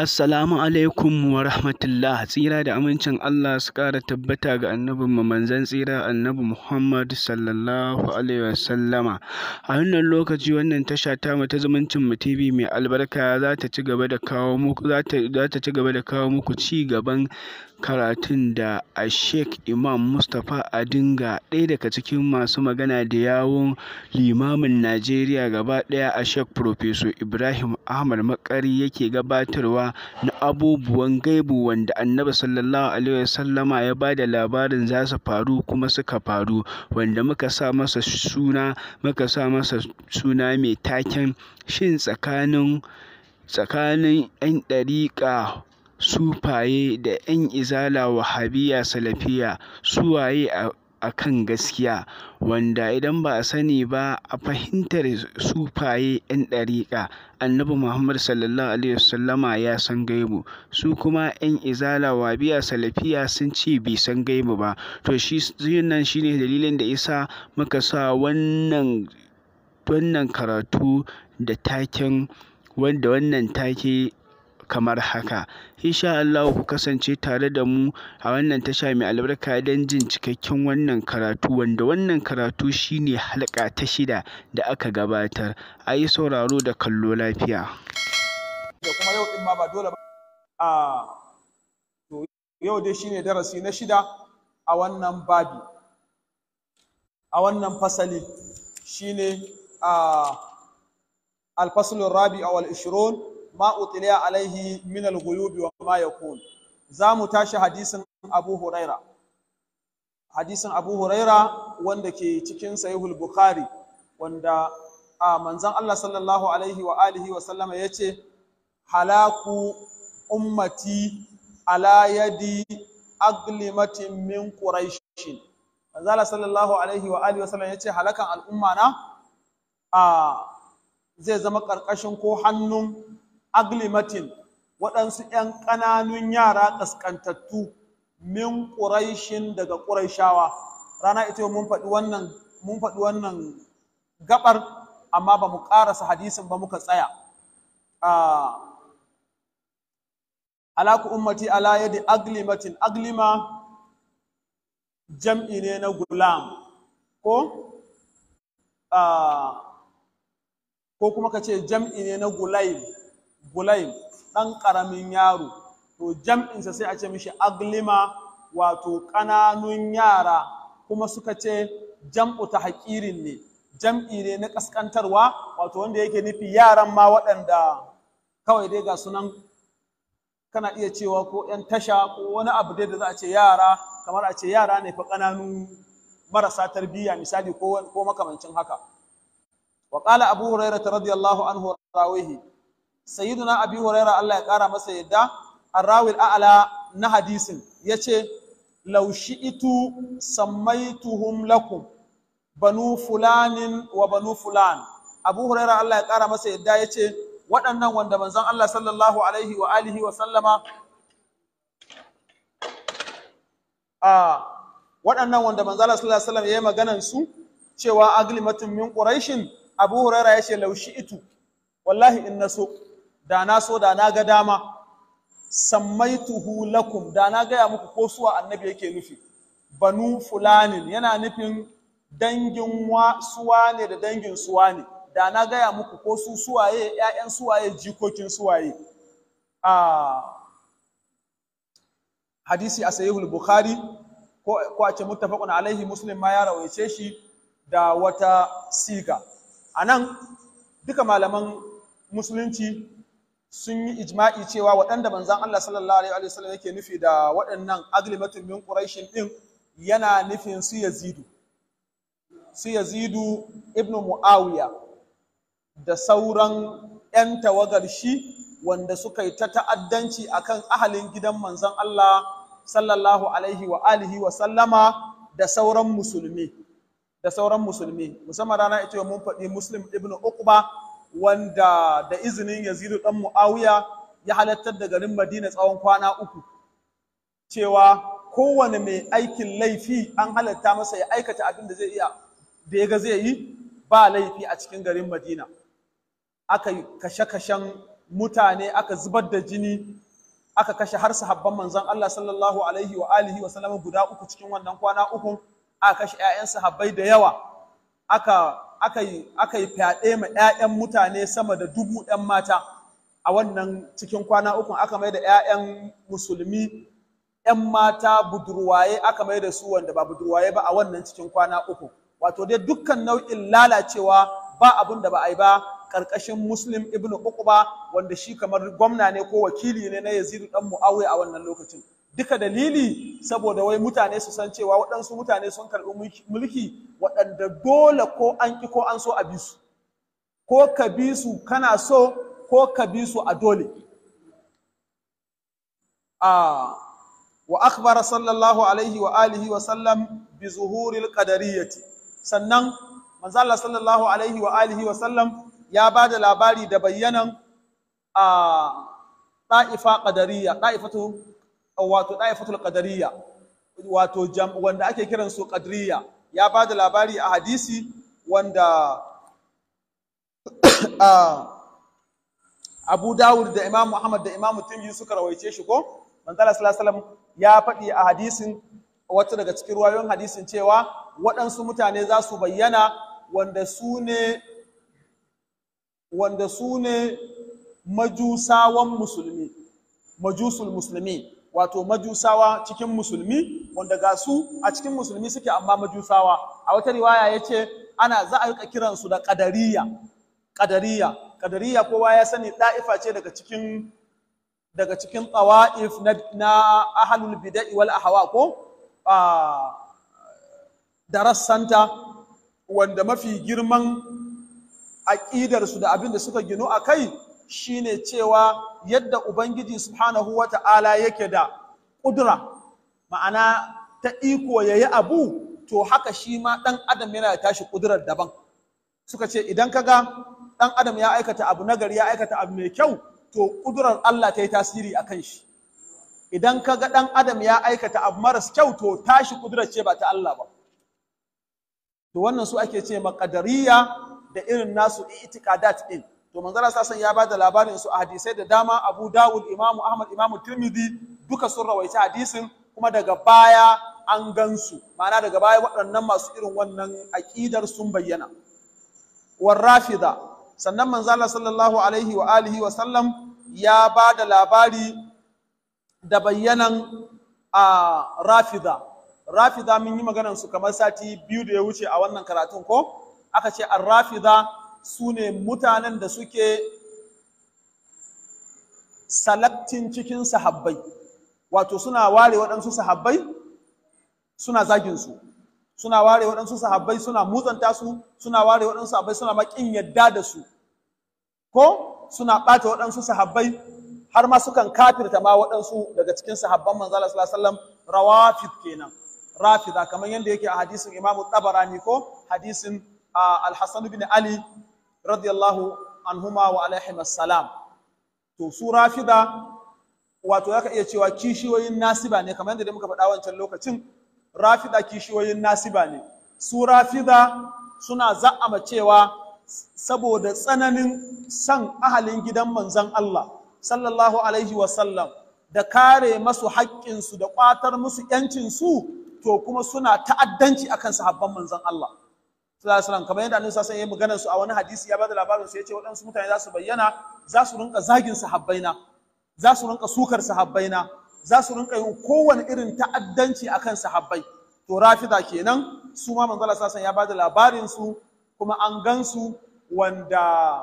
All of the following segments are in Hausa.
Assalamu alaikum wa rahmatullah tsira da amincin Allah su kara tabbata ga annabin manzan tsira annabi Muhammad sallallahu alaihi wasallama a wannan lokaci wannan tasha ta mu ta zumuncin mu TV mai albarka za ta ci gaba da kawo muku za ta ci gaba da kawo muku ci gaban karatun da a Sheikh Imam Mustapha Adinga ɗaya daga cikin masu magana da yawun limamin Najeriya gaba ɗaya a Sheikh professor Ibrahim Ahmad Makari yake gabatarwa na abubuwan gaibu wanda Annabi sallallahu alaihi wasallama ya ba da labarin za su faru kuma suka faru wanda muka sa masa suna muka sa masa suna mai taken shin tsakanin tsakanin 'yan ɗariƙa sufaye da ‘yan izala wahabiyya salafiya su waye a kan gaskiya wanda idan ba a sani ba a fahimtar sufaye 'yan ɗariƙa annabi muhammad sallallahu alaihi wasallama ya san gaibu su kuma 'yan izala wahabiyya salafiya sun ce bai san gaibu ba to shi nan shine dalilin da isa muka sa wannan wannan karatu da taken wanda wannan take kamar haka insha Allah ku kasance tare da mu a wannan tasha mai albarka don jin cikakken wannan karatu wanda wannan karatu shine halka ta shida da aka gabatar a yi sauraro da kallo lafiya a yau dai shine darasi na shida a wannan babi a wannan fasali shine a الفصل الرابع والعشرون ma utliya alaihi min al-ghuyub wa ma yakun za mu tashi hadisin Abu Huraira hadisin Abu Huraira wanda ke cikin Sahihul Bukhari wanda a manzon Allah sallallahu alaihi wa alihi wa sallama yace halaku ummati ala yadi aglimatin min quraish manzon Allah sallallahu alaihi wa alihi wa sallama yace halakan al'umma na a zai zama ƙarƙashin ko hannun aglimatin waɗansu ‘yan ƙananun yara ƙasƙantattu min ƙuraishin daga ƙuraishawa rana ita mun wannan mun faɗi wannan gabar amma ba mu ƙarasa hadisin ba muka tsaya ah, alaku ummati ala yadi aglimatin aglima jam'i ne na gulam ko ah, ko kuma ka ce jam'i ne na gulaim gulaim ɗan ƙaramin yaro to jam'insa sai a ce mishi aglima wato ƙananun yara kuma suka ce jam'u ta haƙirin ne jam'i ne na ƙasƙantarwa wato wanda yake nufi yaran ma waɗanda kawai dai ga sunan kana iya cewa ko 'yan tasha ko wani abu dai da za a ce yara kamar a ce yara ne fa ƙananu marasa tarbiyya misali ko makamancin haka wa abu abu رضي radiyallahu anhu راويه sayyiduna abi huraira Allah ya kara masa yadda arrawil a'la na hadisin yace law shi'tu samaituhum lakum banu fulanin wa banu fulan abu huraira Allah ya kara masa yadda yace waɗannan wanda manzon Allah sallallahu alaihi wa alihi wa sallama a waɗannan wanda manzon Allah sallallahu alaihi wa sallam yayi maganan su cewa aglimatun min quraishin abu huraira yace law shi'tu wallahi in naso da na so da na ga dama sammaituhu lakum da na gaya muku ko suwa annabi yake nufi banu fulanin yana nufin dangin suwa ne da dangin suwa ne da na gaya muku ko su suwaye ‘ya'yan suwaye jikokin suwaye a hadisi a sahihul bukhari ko a ce muttafaqun alaihi muslim ma ya rawaice shi da wata siga anan duka malaman musulunci sun yi ijma'i cewa waɗanda manzan Allah sallallahu alaihi wasallam yake nufi da waɗannan agrimatul min quraishin din yana nufin su yazidu su yazidu ibnu muawiya da sauran 'yan tawagar shi wanda suka yi ta ta'addanci a kan ahalin gidan manzan Allah sallallahu alaihi wa alihi wa sallama da sauran musulmi da sauran musulmi musamman rana ita mun faɗi muslim ibnu uqba wanda da izinin Yazidu dan Muawiya ya halattar da garin Madina tsawon kwana uku cewa kowane mai aikin laifi an halatta masa ya aikata abin da zai iya da ya ga zai yi ba laifi a cikin garin Madina aka kashe-kashen mutane aka zubar da jini aka kashe har sahabban manzon Allah sallallahu alaihi wa alihi wa sallam guda uku cikin wannan kwana uku aka kashe ƴaƴan sahabbai da yawa aka aka yi fyaɗe ma 'ya'yan mutane sama da dubu 'yan mata a wannan cikin kwana uku aka mai da 'ya'yan musulmi 'yan mata budurwaye aka mai da su wanda ba budurwaye ba a wannan cikin kwana uku wato dai dukkan nau'in lalacewa ba abin da ba a yi ba ƙarƙashin muslim ibnu ba. wanda shi kamar gwamna ne ko wakili ne na yazidu dan muawiya a wannan lokacin duka dalili saboda wai mutane su san cewa waɗansu mutane sun karɓi mulki waɗanda dole ko an ƙi ko an so a bi su ko ka bi su kana so ko ka bi su a dole a wa akhbara sallallahu alaihi wa alihi wa sallam bi zuhuril qadariyyati sannan manzo Allah sallallahu alaihi wa alihi wa sallam ya ba da labari da bayanan a ta'ifa qadariyya ta'ifatu wato daifatul qadariyya wato wanda ake kiran su qadariyya ya ba da labari a hadisi wanda Abu Dawud da Imam Muhammad da Imam Tirmidhi suka rawaice shi ko manzala sallallahu alaihi wasallam ya faɗi a hadisin wata daga cikin ruwayoyin hadisin cewa waɗansu mutane za su bayyana wanda su ne wanda su ne majusawan musulmi majusul musulmi wato majusawa cikin musulmi wanda ga su a cikin musulmi suke amma majusawa a wata riwaya ya ce ana za a rika kiransu da ƙadariya. Ƙadariya ƙadariya kowa ya sani da'ifa ce daga cikin daga cikin tsawa'if na ahalul bida'i wal ahwa ko da rassanta wanda mafi girman aƙidarsu da abin da suka gino a kai shine cewa yadda ubangiji subhanahu wa ta'ala yake da kudura ma'ana ta iko ya yi abu to haka shi ma ɗan adam yana tashi kudurar daban suka ce idan kaga ɗan adam ya aikata abu nagari ya aikata abu mai kyau to kudurar Allah ta yi tasiri akan shi idan kaga ɗan adam ya aikata abu maras kyau to tashi kudurar ce ba ta Allah ba to wannan su ake ce maƙadariya da irin nasu i'tiqadat din to manzara sasan ya ba da labarin su a hadisai da dama abu dawud imamu ahmad imamu tirmidhi duka sun rawaici hadisin kuma daga baya an gansu ma'ana daga baya waɗannan masu irin wannan aƙidar sun bayyana rafida sannan manzala sallallahu alaihi wa alihi wa sallam ya ba da labari da bayyanan a rafida rafida mun yi maganan su kamar sati biyu da ya wuce a wannan karatun ko aka ce ar-rafida su ne mutanen da suke salaktin cikin sahabbai wato suna ware waɗansu sahabbai suna zaginsu suna ware waɗansu sahabbai suna mutsanta su suna ware waɗansu sahabbai suna maƙin yadda da su ko suna ɓata waɗansu sahabbai har ma sukan kafirta ma waɗansu daga cikin sahabban manzala sallallahu alaihi wasallam rawafid kenan rafida kamar yadda yake a hadisin imamu tabarani ko hadisin ah, al hassan bin ali radiyallahu anhuma wa alaihim assalam to su rafida wato yaka iya cewa kishiyoyin nasiba ne kamar yadda muka faɗa wancan lokacin rafida kishiyoyin nasiba ne su rafida suna za'ama cewa saboda tsananin san ahalin gidan manzon Allah sallallahu alaihi wa sallam da kare masu haƙƙinsu da ƙwatar musu ƴancinsu, to kuma suna ta'addanci akan sahabban manzon Allah sallallahu alaihi wasallam kamar yadda annabi sallallahu alaihi wasallam ya magana su a wani hadisi ya bada labarin sai ya ce waɗansu mutane za su bayyana za su rinka zagin sahabbaina za su rinka sukar sahabbaina za su rinka yin kowane irin ta'addanci akan sahabbai to rafida kenan su ma manzo sallallahu alaihi ya bada labarin su kuma an gansu wanda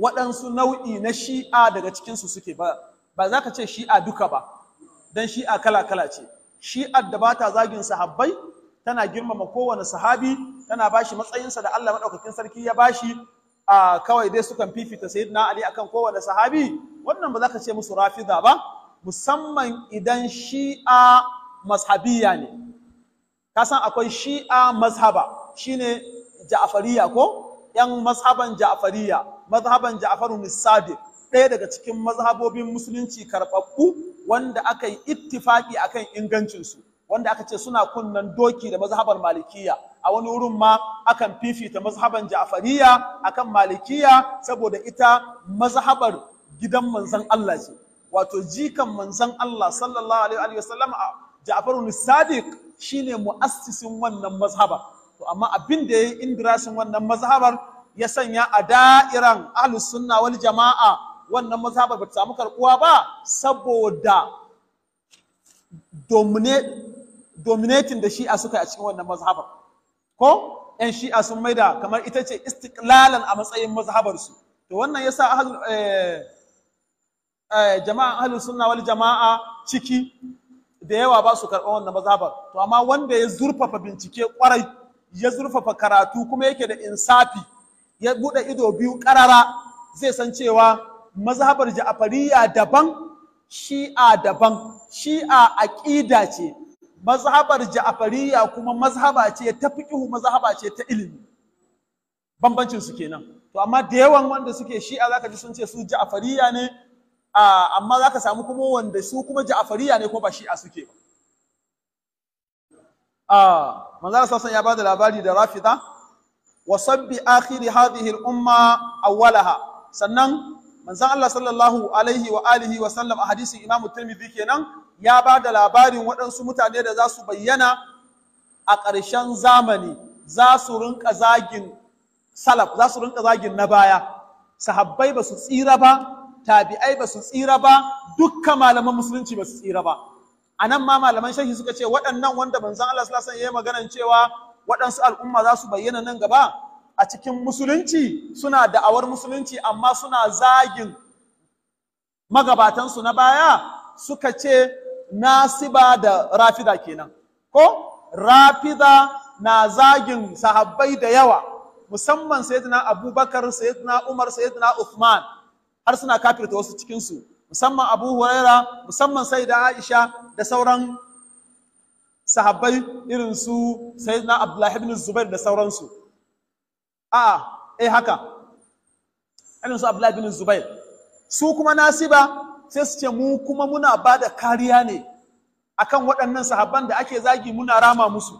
waɗansu nau'i na shi'a daga cikinsu suke ba ba za ka ce shi'a duka ba don shi'a kala-kala ce shi'ar da ba ta zagin sahabbai tana girmama kowane sahabi tana bashi matsayinsa da Allah madaukakin sarki ya bashi a kawai dai sukan fifita sayyidina Ali akan kowane sahabi wannan ba za ka ce musu rafiza ba musamman idan shi'a mazhabiya ne ka san akwai shi'a mazhaba shine ja'fariya ko yan mazhaban ja'fariya mazhaban ja'faru sadiq ɗaya daga cikin mazhabobin musulunci karɓaɓɓu wanda aka yi ittifaki akan ingancinsu wanda aka ce suna kunnan doki da mazhabar malikiya a wani wurin ma akan fifita mazhaban ja'fariya akan malikiya saboda ita mazhabar gidan manzon Allah ce wato jikan manzon Allah sallallahu alaihi wasallam Ja'far sadiq shine muassisin wannan mazhaba to amma abin da yayi indirasin wannan mazhabar ya sanya a da'iran ahlus sunna wal jama'a wannan mazhabar ba ta samu karbuwa ba saboda dominating da shi'a suka a cikin wannan mazhabar ko yan shi'a sun maida kamar ita ce istiklalan a matsayin mazhabarsu to wannan ya sa eh, eh, jama'a ahlus suna wani jama'a ciki da yawa ba su karɓar wannan mazhabar to amma wanda ya zurfafa bincike kwarai ya zurfafa karatu kuma yake da insafi ya buɗe ido biyu ƙarara zai san cewa mazhabar ja'afariya daban shi'a daban shi'a aƙida ce mazhabar ja'afariya kuma mazhaba ce ta fiqhu mazhaba ce ta ilimi bambancin su kenan to amma da yawan wanda suke shi'a zaka ji sun ce su ja'afariya ne amma zaka samu kuma wanda su kuma ja'afariya ne ko ba shi'a suke ba ah manzo sassan ya bada labari da rafida wa sabbi akhiri hadhihi al-umma awwalaha sannan manzon Allah sallallahu alaihi wa alihi wa sallam a hadisin Imam Tirmidhi kenan ya ba da labarin waɗansu mutane da za su bayyana a ƙarshen zamani za su rinka zagin salaf za su rinka zagin na baya sahabbai ba su tsira ba tabi'ai ba su tsira ba dukka malaman musulunci ba su tsira ba a nan ma malaman shahi suka ce waɗannan wanda manzon Allah sallallahu alaihi wa sallam ya yi maganan cewa waɗansu al'umma za su bayyana nan gaba a cikin musulunci suna da'awar musulunci amma suna zagin magabatansu na baya suka ce nasiba da rafida kenan ko rafida na zagin sahabbai da yawa musamman sayyidina abubakar sayyidina umar sayyidina uthman har suna kafirta wasu cikinsu musamman abu huraira musamman sayyida aisha da sauran sahabbai irin su sayyidina abdullahi ibn zubair da sauransu a'a eh haka irin su Abdullahi bin Zubair su kuma nasiba sai su ce mu kuma muna ba da kariya ne akan waɗannan sahabban da ake zagi muna rama musu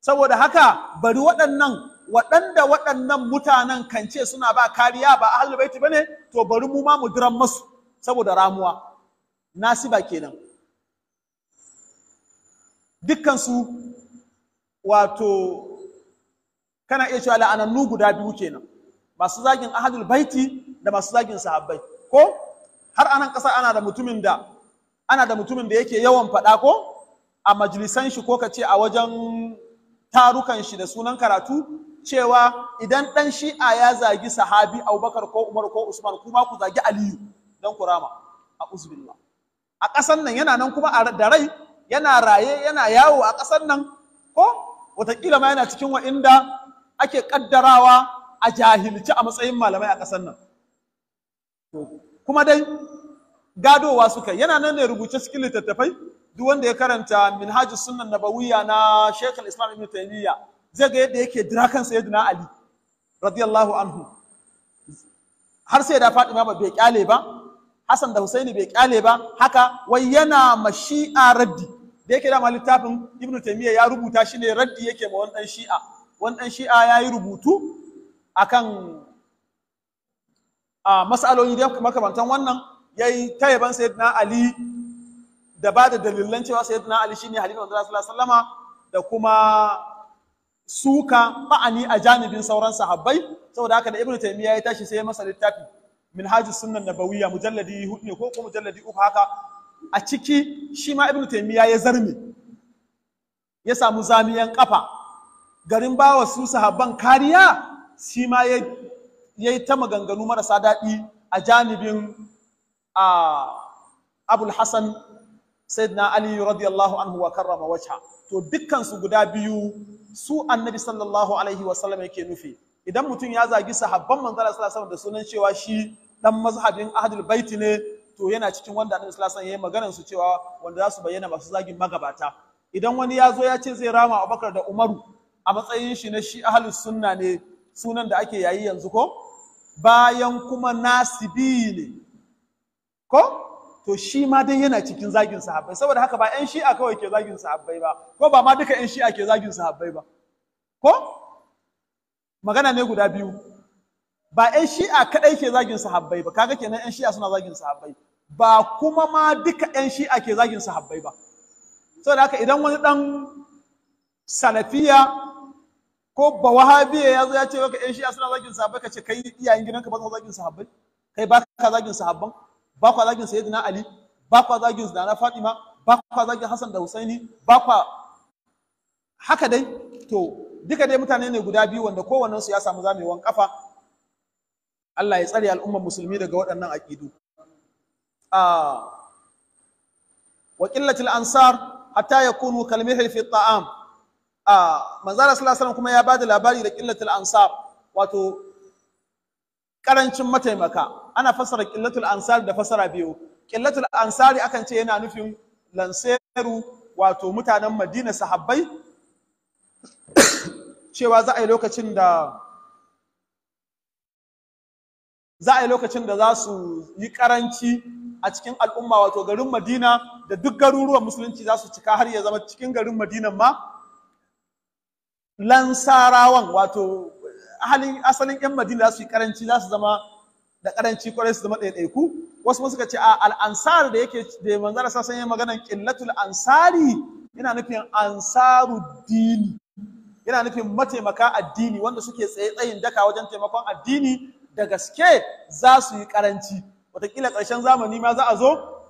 saboda haka bari waɗannan waɗanda waɗannan mutanen kan ce suna ba kariya ba a ahlul ba ne? to bari mu ma mu diran masu saboda ramuwa nasiba kenan dukkan su wato kana iya cewa la'anannu guda biyu kenan masu zagin ahadul baiti da masu zagin sahabbai ko har anan ƙasa ana da mutumin da ana da mutumin da yake yawan faɗa ko a majalisan shi ko kace a wajen tarukan shi da sunan karatu cewa idan ɗan shi'a ya zagi sahabi abubakar ko umar ko usman kuma ku zagi aliyu don ku a uzbillah a ƙasan nan yana nan kuma da rai yana raye yana yawo a ƙasan nan ko wataƙila ma yana cikin wa'inda ake kaddarawa a jahilci a matsayin malamai a ƙasar nan kuma dai gadowa suka yana nan ne rubuce cikin littattafai duk wanda ya karanta minhajus sunan nabawiyya na Sheikh islam Ibn Taymiyyah zai ga yadda yake dirakan sayyidina Ali radiyallahu anhu har sai da Fatima ba bai kyale ba Hassan da Husaini bai kyale ba haka wai yana ma Shi'a raddi da yake da littafin Ibn Taymiyyah ya rubuta shi ne raddi yake ma wani dan shi'a wani ɗan shi'a ya yi rubutu akan a matsaloli da makamantan wannan ya yi ta yaban sayyidina ali da ba da dalilan cewa sayyidina ali shi shine halifan manzo sallallahu sallama da kuma suka ma'ani a janibin sauran sahabbai saboda haka da Ibn taimiya ya tashi sai ya masa littafi hajji sunan nabawiyya mujalladi hudu ne ko kuma mujalladi uku haka a ciki shi ma ibnu taimiya ya zarme ya samu zamiyan kafa garin bawa su sahabban kariya shi ma ya yi ta maganganu marasa daɗi a janibin abul hassan sayyidina ali radiyallahu anhu wa karrama wajha to dukkansu guda biyu su annabi sallallahu alaihi wasallam yake nufi idan mutum ya zagi sahabban manzara sallallahu da sunan cewa shi dan mazhabin ahlul baiti ne to yana cikin wanda annabi sallallahu alaihi wasallam yayi cewa wanda za su bayyana masu zagin magabata idan wani ya zo ya ce zai rama Abubakar da Umaru a matsayin shi na shi ahlus sunna ne sunan da ake yayi yanzu ko bayan kuma nasibi ne ko to shi ma dai yana cikin zagin sahabbai saboda haka ba ƴan shi'a kawai ke zagin sahabbai ba ko ba ma duka ƴan shi'a ke zagin sahabbai ba ko magana ne guda biyu ba ƴan shi'a kadai ke zagin sahabbai ba kaga kenan ƴan shi'a suna zagin sahabbai ba kuma ma duka ƴan shi'a ke zagin sahabbai ba saboda haka idan wani dan salafiya ko ba wahabiya ya zo ya ce maka yan shi'a suna zagin sahabbai ka ce kai iyayen gidanka ba za zagin sahabbai kai ba ka zagin sahabban ba ka zagin sayyidina ali ba ka zagin zana fatima ba ka zagin hasan da husaini ba ka haka dai to duka dai mutane ne guda biyu wanda kowannen su ya samu zamewan kafa Allah ya tsare al'ummar musulmi daga waɗannan aƙidu a wa qillatil ansar hatta yakunu kalmihi fi ta'am a manzala sallallahu kuma ya bada labari da qillatul ansar wato karancin mataimaka ana fasara qillatul ansar da fasara biyu qillatul ansari akan ce yana nufin lanseru wato mutanen Madina sahabbai cewa za a yi lokacin da za a yi lokacin da za su yi karanci a cikin al'umma wato garin Madina da duk garuruwan musulunci za su cika har ya zama cikin garin madinan ma lansarawan wato halin asalin yan madina za su yi karanci za su zama da karanci kwarai su zama ɗaiɗaiku wasu suka ce a al'ansar da yake da manzara sassan yin maganan ƙillatul ansari yana nufin ansaru dini yana nufin mataimaka addini wanda suke tsaye tsayin daka wajen taimakon addini da gaske za su yi karanci watakila ƙarshen zamani ma za a zo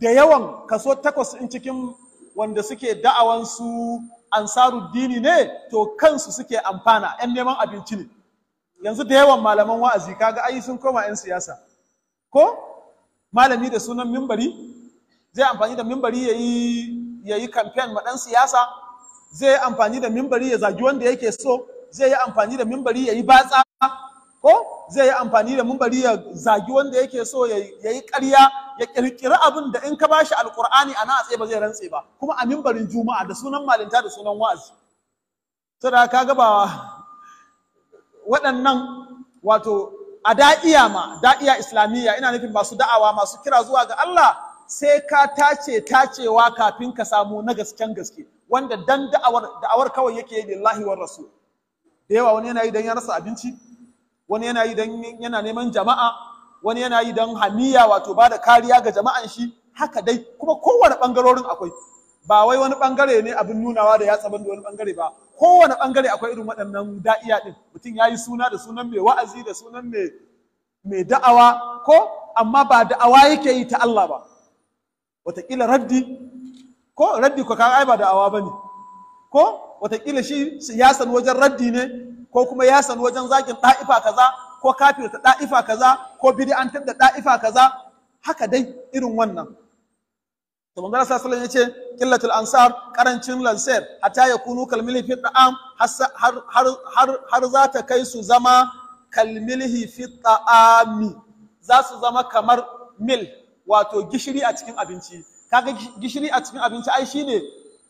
da yawan kaso takwas in cikin wanda suke da'awansu ansaruddini ne to kansu suke amfana yan neman abinci ne yanzu da yawan malaman wa'azi kaga ayi sun koma yan siyasa ko malami da sunan mimbari zai amfani da mimbari ya yi kamfen ma dan siyasa zai amfani da mimbari ya zagi wanda yake so zai yi amfani da mimbari ya yi batsa ko zai yi amfani da mumbari ya zagi wanda yake so ya yi ƙarya ya ƙirƙiri abin da in ka bashi alƙur'ani a a tsaye ba zai rantse ba kuma a mimbarin juma'a da sunan malinta da sunan wa'azi da ka ga waɗannan wato a da'iya ma da'iya islamiyya ina nufin masu da'awa masu kira zuwa ga Allah sai ka tace tacewa kafin ka samu na gasken gaske wanda dan da'awar da'awar kawai yake lillahi war rasul da yawa wani yana yi dan ya rasa abinci wani yana yi don yana neman jama'a wani yana yi don hamiya wato ba da kariya ga jama'an shi haka dai kuma kowane ɓangarorin akwai ba wai wani ɓangare ne abin nunawa da ya tsaban da wani ɓangare ba kowane ɓangare akwai irin waɗannan da'iya ɗin mutum ya yi suna da sunan mai wa'azi da sunan mai da'awa ko amma ba da'awa yake yi ta Allah ba wataƙila raddi ko raddi ko kaga ai ba da'awa ba ne ko wataƙila shi siyasan wajen raddi ne ko kuma ya sanu wajen zakin ɗa'ifa kaza ko kafirta ɗa'ifa kaza ko bid'antar da ɗa'ifa kaza haka dai irin wannan to manzo sallallahu alaihi yace qillatul ansar karancin lansar hatta yakunu kalmili fi ta'am har za ta kai su zama kalmilihi fi ta'ami za su zama kamar mil wato gishiri a cikin abinci kaga gishiri a cikin abinci ai shine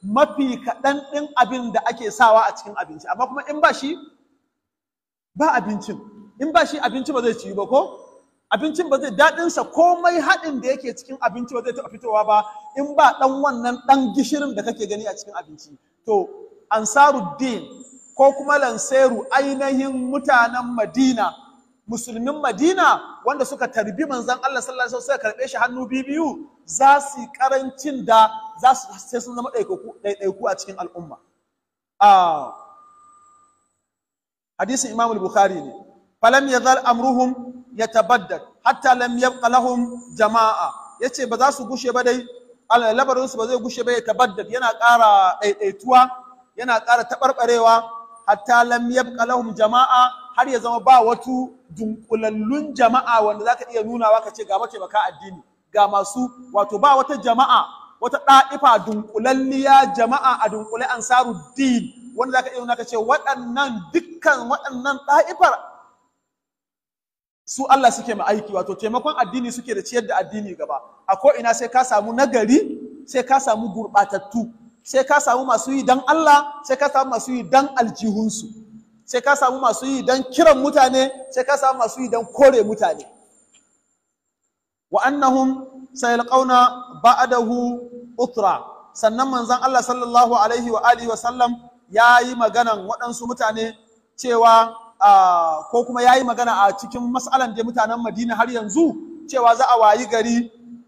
mafi kaɗan ɗin abin da ake sawa a cikin abinci amma kuma in ba shi ba abincin in ba shi abinci ba zai ci ba ko abincin ba zai daɗinsa komai haɗin da yake cikin abinci ba zai taɓa fitowa ba in ba ɗan wannan ɗan gishirin da kake gani a cikin abinci to ansaruddin ko kuma lanseru ainihin mutanen madina musulmin madina wanda suka tarbi manzan Allah sallallahu alaihi wasallam karɓe shi hannu biyu za su karancin da za su sai sun zama ɗaiɗaiku a cikin al'umma ah, hadisin Imam al-Bukhari ne falam yazal amruhum yatabaddad hatta lam yabqa lahum jama'a yace ba za su gushe ba dai labarin su ba zai gushe ba ya tabaddad yana ƙara ɗaiɗaituwa yana ƙara taɓarɓarewa hatta lam yabqa lahum jama'a har ya zama ba watu dunkulallun jama'a wanda zaka iya nunawa ka ce ga mace baka addini ga masu wato ba wata jama'a wata ɗa'ifa dunkulalliya jama'a a dunkule ansaru din wanda ka iya naka ce waɗannan dukkan waɗannan ɗa'ifar su Allah suke ma aiki wato taimakon addini suke da ciyar da addini gaba a ko ina sai ka samu nagari sai ka samu gurɓatattu sai ka samu masu yi don Allah sai ka samu masu yi don aljihunsu sai ka samu masu yi don kiran mutane sai ka samu masu yi don kore mutane wa annahum sayalqauna ba'dahu utra sannan manzon Allah sallallahu alaihi wa alihi wa sallam yayi magana waɗansu mutane cewa ko kuma yayi magana a cikin mas'alan da mutanen Madina har yanzu cewa za a wayi gari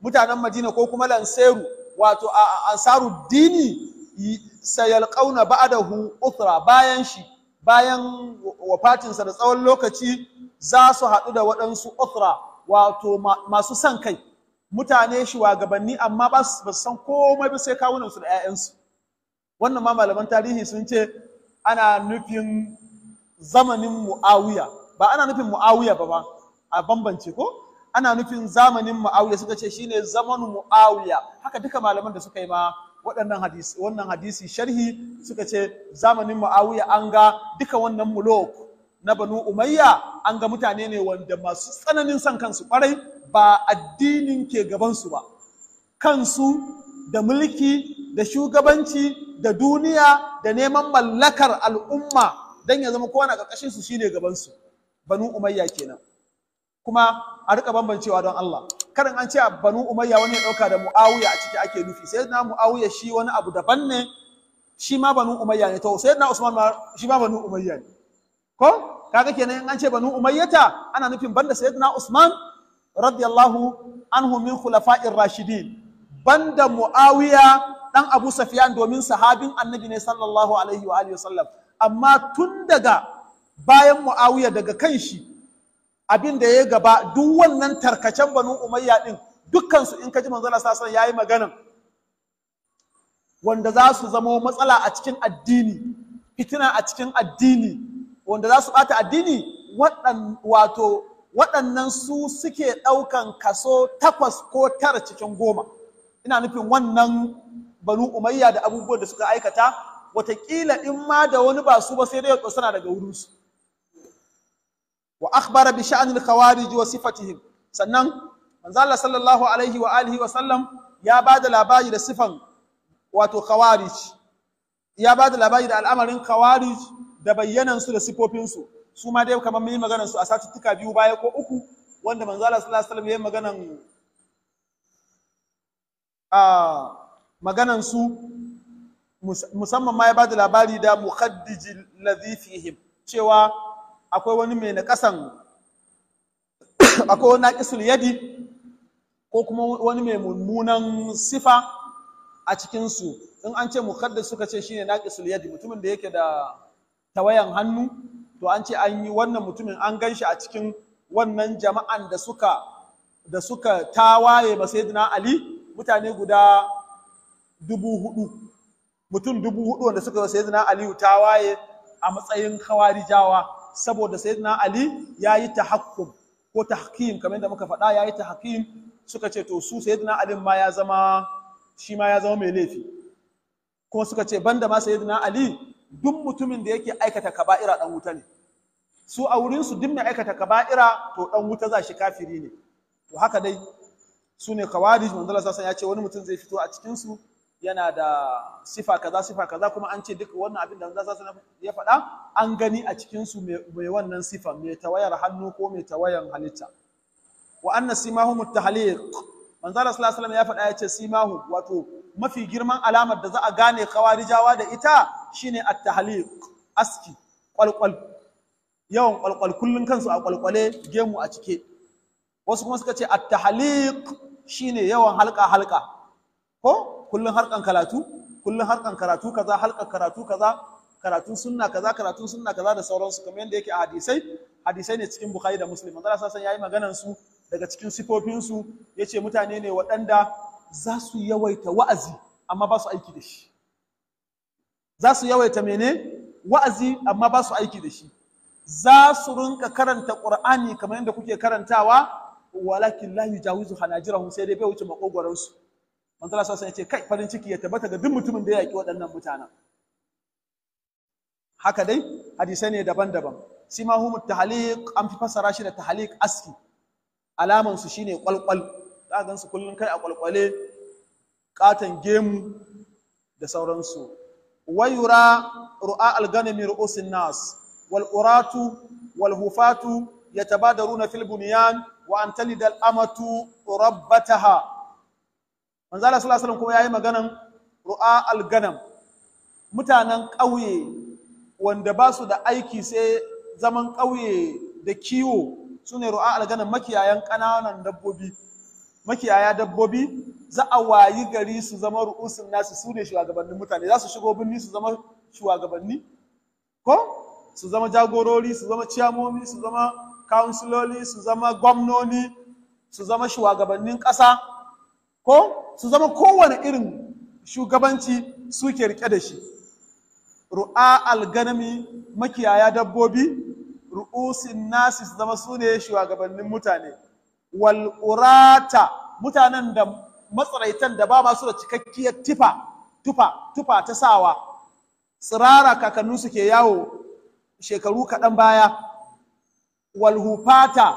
mutanen Madina ko kuma lanseru wato ansaru dini sayalqauna ba'dahu utra bayan shi bayan wafatinsa da tsawon lokaci za su haɗu da waɗansu utra wato masu son kai mutane shugabanni amma ba su san komai ba sai kawunan su da 'ya'yansu wannan ma malaman tarihi sun ce ana nufin zamanin mu'awiya ba ana nufin mu'awiya ba ba a bambance ko ana nufin zamanin mu'awiya suka ce shine zamanin mu'awiya haka duka malaman da suka yi ma waɗannan hadisi wannan hadisi sharhi suka ce zamanin mu'awiya an ga duka wannan muluk na banu umayya an ga mutane ne wanda masu tsananin son kansu kwarai ba addinin ke gabansu ba kansu da mulki da shugabanci da duniya da neman mallakar al'umma don ya zama kowane ƙarƙashin su shine gabansu banu umayya kenan kuma a rika bambancewa don Allah karin an ce a banu umayya wani ya ɗauka da mu'awiya a ciki ake nufi sai na mu'awiya shi wani abu daban ne shi ma banu umayya ne to sai na usman shi ma banu umayya ne ko kaga kenan in an ce banu umayyata ana nufin banda sayyidina usman radiyallahu anhu min khulafa'ir rashidin banda muawiya dan abu safiyan domin sahabin annabi ne sallallahu alaihi wa alihi wasallam amma tun daga bayan muawiya daga kan shi abin da ya gaba duk wannan tarkacen banu umayya din su in ka ji Allah sallallahu alaihi wasallam yayi maganan wanda za su zamo matsala a cikin addini fitina a cikin addini wanda za su ɓata addini wato waɗannan su suke ɗaukan kaso takwas ko tara cikin goma ina nufin wannan banu umayya da abubuwan da suka aikata wataƙila in ma da wani ba su ba sai dai sana daga wurinsu wa akhbara bi sha'anil khawarij wa sifatihim sannan manzo Allah sallallahu alaihi wa alihi wa sallam ya bada labari da sifan wato khawarij ya bada labari da al'amarin khawarij da bayyanansu da sifofinsu su ma dai kamar mun yi maganar su a satuttuka biyu baya ko uku wanda manzo Allah sallallahu alaihi wasallam ya maganan a maganan su musamman ma ya bada labari da muhaddiji ladhi fihim cewa akwai wani mai na kasan akwai wani naqisul yadi ko kuma wani mai mummunan sifa a cikin su in an ce muhaddis suka ce shine naqisul yadi mutumin da yake da ta wayan hannu to an ce an yi wannan mutumin an gan shi a cikin wannan jama'an da suka da suka tawaye ba sayyidina ali mutane guda dubu hudu mutum dubu hudu wanda suka sayyidina ali tawaye a matsayin khawarijawa saboda sayyidina ali yayi tahakkum ko tahkim kamar da muka faɗa yayi tahkim suka ce to su sayyidina ali ma ya zama shi ma ya zama mai laifi kuma suka ce banda ma sayyidina ali duk mutumin da yake aikata kaba'ira dan wuta ne su a wurin su duk mai aikata kaba'ira to dan wuta za shi kafiri ne to haka dai su ne manzo Allah ya ce wani mutum zai fito a cikin su yana da sifa kaza sifa kaza kuma an ce duk wannan abin da manzo Sasan ya faɗa an gani a cikin su mai wannan sifa mai tawayar hannu ko mai tawayan halitta wa anna simahum at manzo Allah ya faɗa ya ce simahum wato mafi girman alamar da za a gane kawarijawa da ita shine at-tahliq aski kwalkwal yawan kwalkwal kullun kansu a kwalkwale gemu a cike wasu kuma suka ce at-tahliq shine yawan halka halka ko kullun harkan karatu kullun harkan karatu kaza halka karatu kaza karatun sunna kaza karatun sunna kaza da sauransu kamar yadda yake a hadisai hadisai ne cikin bukhari da muslim manzo sallallahu ya yi yayi maganan su daga cikin sifofinsu ya ce mutane ne waɗanda za su yawaita wa'azi amma ba su aiki da shi za su yawaita mene wa'azi amma ba su aiki da shi za su rinka karanta Ƙur'ani kamar yadda kuke karantawa walakin la yujawizu hanajirahum sai dai bai wuce makogwaran su manzo ya ce kai farin ciki ya tabbata ga duk mutumin da ya yaki waɗannan mutanen haka dai hadisai ne daban-daban sima humu tahalik an fi fassara shi da tahalik aski Alamansu su shine kwalkwal za a gansu kullum kai a kwalkwale katon gemu da sauransu wayura ru'a alganami ru'usin nas wal uratu wal hufatu yatabadaruna fil bunyan wa an talida al amatu rabbataha manzo Allah sallallahu alaihi kuma yayi maganan ru'a alganam mutanen ƙauye wanda ba su da aiki sai zaman ƙauye da kiwo su ne ru'a alganan makiyayan ƙananan dabbobi makiyaya dabbobi za a wayi gari su zama ru'usun nasu su ne shugabannin mutane za su shigo birni su zama shugabanni ko su zama jagorori su zama ciyamomi su zama kansiloli su zama gwamnoni su zama shugabannin ƙasa ko su zama kowane irin shugabanci suke rike da shi ru'a alganami makiyaya dabbobi ru'usin nasi su zama su ne shugabannin mutane Wal'urata, mutanen da matsaraitan da ba masu da cikakkiyar tufa tufa tufa ta sawa tsirara kakannin su ke yawo shekaru kaɗan baya Walhufata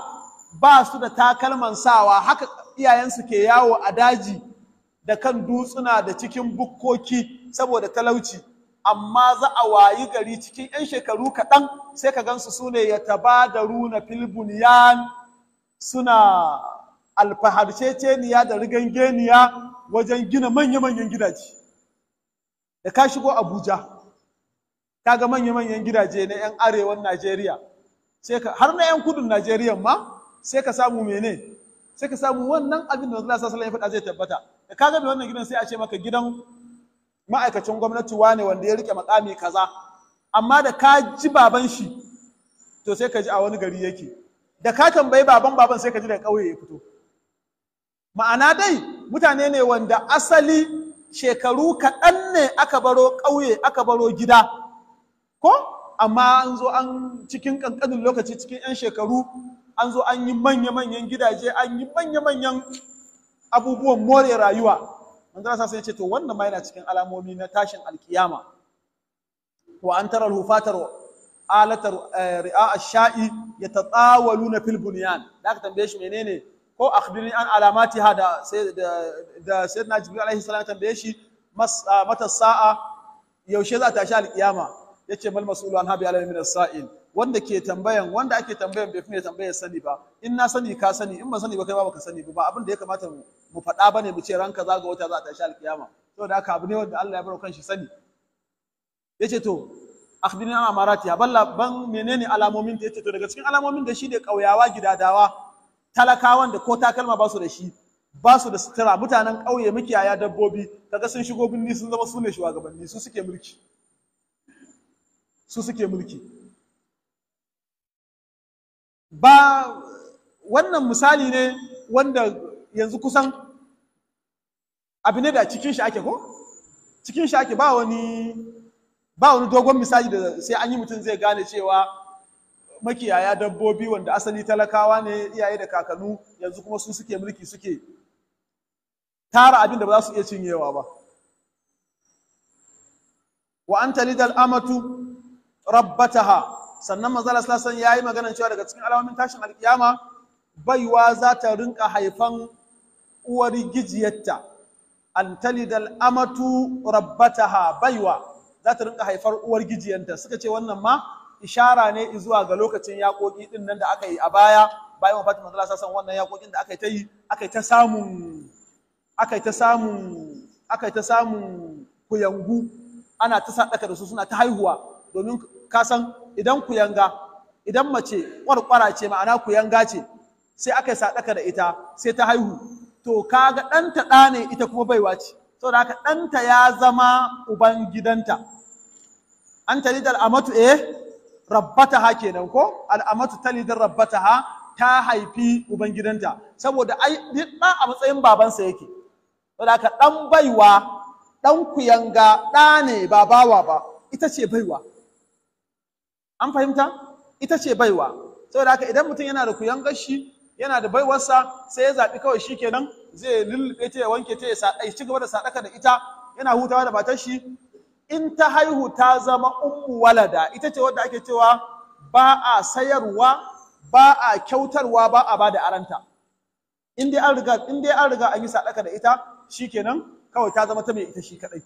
ba su da takalman sawa haka iyayensu ke yawo a daji da kan dutsuna da cikin bukkoki saboda talauci amma za a wayi gari cikin 'yan shekaru kaɗan sai ka gansu su ne ya da runa filbuniyan suna alfaharceceniya da geniya wajen gina manya-manyan gidaje da ka shigo abuja ka ga manya-manyan gidaje na 'yan arewan najeriya har na 'yan kudin najeriya ma sai ka samu mene sai ka samu wannan abin da Allah sallallahu ya faɗa zai tabbata da ka ga wannan gidan sai a ce maka gidan ma'aikacin gwamnati wane wanda ya rike makami kaza amma da ka ji baban shi to sai ka ji a wani gari yake da ka tambayi baban baban sai ka ji da ƙauye ya fito ma'ana dai mutane ne wanda asali shekaru kaɗan ne aka baro ƙauye aka baro gida ko amma an zo an cikin ƙanƙanin lokaci cikin 'yan shekaru an zo an yi manya-manyan gidaje an yi manya-manyan abubuwan more rayuwa manzara sa sai ce to wannan ma yana cikin alamomi na tashin alkiyama wa an tara hufatar alatar eh, ri'a ash-sha'i yatatawaluna fil bunyan da aka tambaye shi menene ko akhbirni an ha da da sayyidina jibril alaihi salam tambaye shi mata sa'a yaushe za ta tashi al yace mal mas'ulu an habi alamin as-sa'il wanda ke tambayan wanda ake tambayan bai fune tambayar sani ba in na sani ka sani in ba sani ba kai ba baka sani ba abin da ya kamata mu faɗa bane mu ce ranka za ga wata za ta tashi alkiyama saboda haka abu ne wanda Allah ya bar kan shi sani yace to akhbirina amarati balla ban menene alamomin da yace to daga cikin alamomin da shi da kauyawa gidadawa talakawan da ko takalma ba su da shi ba su da sutura mutanen ƙauye makiyaya dabbobi kaga sun shigo binni sun zama su ne shugabanni su suke mulki su suke mulki ba wannan misali ne wanda yanzu kusan abu ne da cikin shi ake ko cikin shi ake ba wani ba wani dogon misali da sai an yi mutum zai gane cewa makiyaya dabbobi wanda asali talakawa ne iyaye da kakannu yanzu kuma su suke mulki suke tara abin da ba za su iya cinyewa ba wa anta lidal amatu rabbataha sannan manzala sallallahu ya yi magana cewa daga cikin alamomin tashin alkiyama baiwa za ta rinka haifan uwar gijiyarta an talidal amatu rabbataha baiwa za ta rinka haifar uwar gijiyanta suka ce wannan ma ishara ne zuwa ga lokacin yaƙoƙi din nan da aka yi a baya bayan wafatin manzo Allah sallallahu wannan yaƙoƙin da aka yi ta yi aka yi ta samun aka yi ta samun aka yi ta samun kuyangu ana ta sadaka da su suna ta haihuwa domin ka san idan kuyanga idan mace ƙwarƙwara ce ma'ana kuyanga ce sai aka yi sadaka da ita sai ta haihu to kaga ɗanta ɗa ne ita kuma baiwa ce so da haka ɗanta ya zama uban gidanta an da al'amatu eh rabbata ha kenan ko al'amatu talidar rabbata ha ta haifi uban gidanta saboda ai ɗan a matsayin babansa yake so da haka ɗan baiwa ɗan kuyanga ɗa ne ba bawa ba ita ce baiwa an fahimta ita ce baiwa saboda haka idan mutum yana da kuyangar shi yana da baiwarsa sai ya zaɓi kawai shi kenan zai lullube ta ya wanke ta ya ci gaba da sadaka da ita yana hutawa da matar shi in ta haihu ta zama ummu walada ita ce wadda ake cewa ba a sayarwa ba a kyautarwa ba a bada aranta in dai an riga in dai an riga an yi sadaka da ita shikenan kawai ta zama ta mai ita shi kadai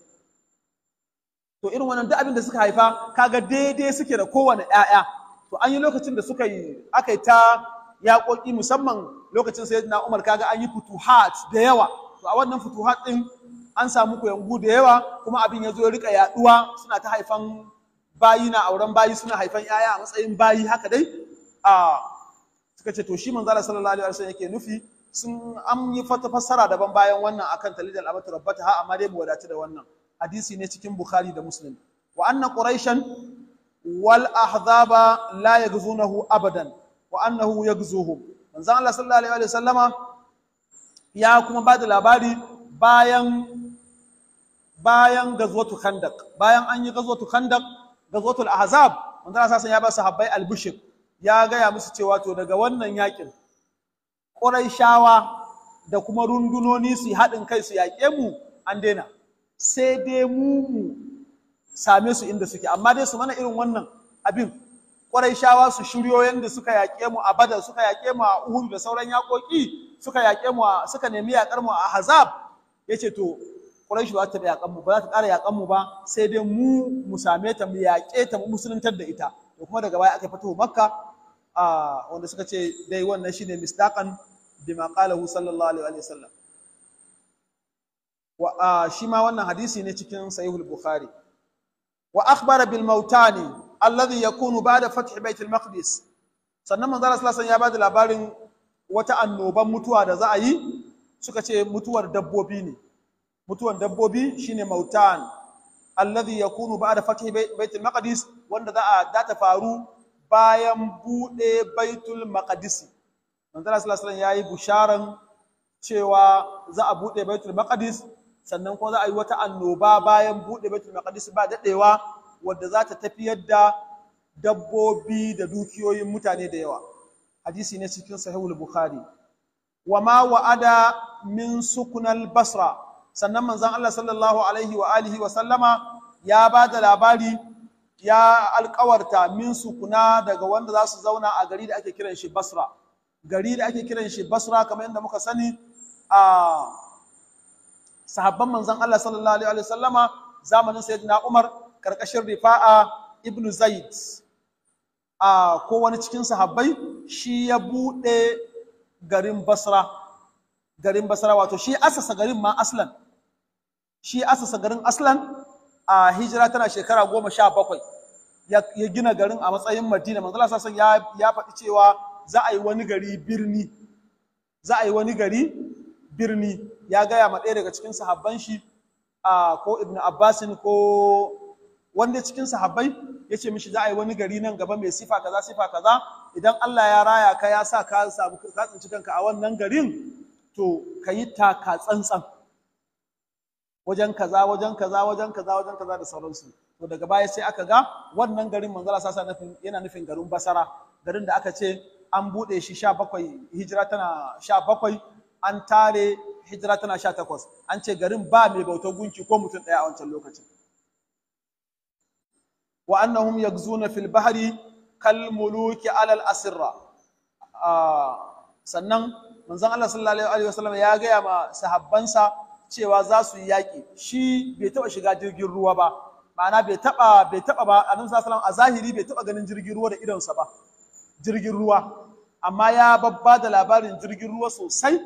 to irin wannan duk abin da suka haifa kaga daidai suke da kowane ƴaƴa to an yi lokacin da suka yi aka yi ta yaƙoƙi musamman lokacin sai na Umar kaga an yi futuhat da yawa to a wannan futuhat din an samu kuyangu da yawa kuma abin ya zo ya rika yaduwa suna ta haifan bayi na auren bayi suna haifan yaya a matsayin bayi haka dai a suka ce to shi manzo Allah sallallahu alaihi wasallam yake nufi sun an yi fassara daban bayan wannan akan talidal abatu rabbata ha amma dai mu wadace da wannan hadisi ne cikin bukhari da muslim wa anna quraishan wal ahzaba la yaghzunahu abadan wa annahu yaghzuhum manzon Allah sallallahu alaihi wasallama ya kuma ba da labari bayan bayan gazwatu khandaq bayan an yi gazwatu khandaq gazwatul ahzab manzon Allah ya ba sahabbai albushir ya gaya musu cewa to daga wannan yakin shawa da kuma rundunoni su haɗin kai su yaƙe mu an daina sai dai mu mu same su inda suke amma dai su mana irin wannan abin Kwarai shawa su shiryo yanda suka yaƙe mu a Badar suka yaƙe mu a Uhud da sauran yaƙoƙi suka yaƙe mu suka nemi yaƙar mu a hazab yace to shi ba ta taɓa yaƙan mu ba za ta ƙara yaƙan mu ba sai dai mu mu same ta mu yaƙe ta mu musuluntar da ita to kuma daga baya aka fito Makka wanda suka ce dai wannan shine misdaqan bima qalahu sallallahu alaihi sallam. wa shi ma wannan hadisi ne cikin sahihul bukhari wa akhbara bil mautani alladhi yakunu ba'da fath baitul maqdis sannan manzo Allah sallallahu ya bada labarin wata annoban mutuwa da za a yi suka ce mutuwar dabbobi ne mutuwan dabbobi shine mautan alladhi yakunu ba'da fath baitul maqdis wanda za a za ta faru bayan bude baitul maqdis manzo Allah sallallahu alaihi yayi busharan cewa za a bude baitul maqdis sannan kuma za a yi wata annoba bayan bude baitul maqdis ba dadewa wadda za ta tafiyar da dabbobi da dukiyoyin mutane da yawa hadisi ne cikin sahihul bukhari wa ma wa'ada min suknal basra sannan manzon Allah sallallahu alaihi wa alihi wa sallama ya ba da labari ya alkawarta min sukuna daga wanda za su zauna a gari da ake kiran shi basra gari da ake kiran shi basra kamar yadda muka sani a sahabban manzon Allah sallallahu alaihi wa sallama zamanin sayyidina Umar karkashin rifa'a ibn zaid a ko wani cikin sahabbai shi ya buɗe garin basra garin basra wato shi asasa garin ma aslan shi asasa garin aslan a hijira tana shekara goma sha bakwai ya gina garin a matsayin madina manzala sassan ya faɗi cewa za a yi wani gari birni za a yi wani gari birni ya gaya ma ɗaya daga cikin sahabban shi ko ibn abbasin ko wanda cikin sahabbai ya ce mishi za a yi wani gari nan gaba mai sifa kaza sifa kaza idan Allah ya raya ka ya sa ka samu ka tsinci kanka a wannan garin to ka yi taka tsantsan wajen kaza wajen kaza wajen kaza wajen kaza da sauransu to daga baya sai aka ga wannan garin Allah sasa yana nufin garin basara garin da aka ce an bude shi sha hijira tana sha an tare hijira tana sha takwas an ce garin ba mai bautar gunki ko mutum daya a wancan lokacin wa annahum yagzuna fil bahri kal muluki alal asirra sannan manzon Allah sallallahu alaihi wasallam ya gaya ma sahabbansa cewa za su yi yaƙi shi bai taɓa shiga jirgin ruwa ba ma'ana bai taɓa bai ba annabi sallallahu alaihi a zahiri bai taɓa ganin jirgin ruwa da idonsa ba jirgin ruwa amma ya babba da labarin jirgin ruwa sosai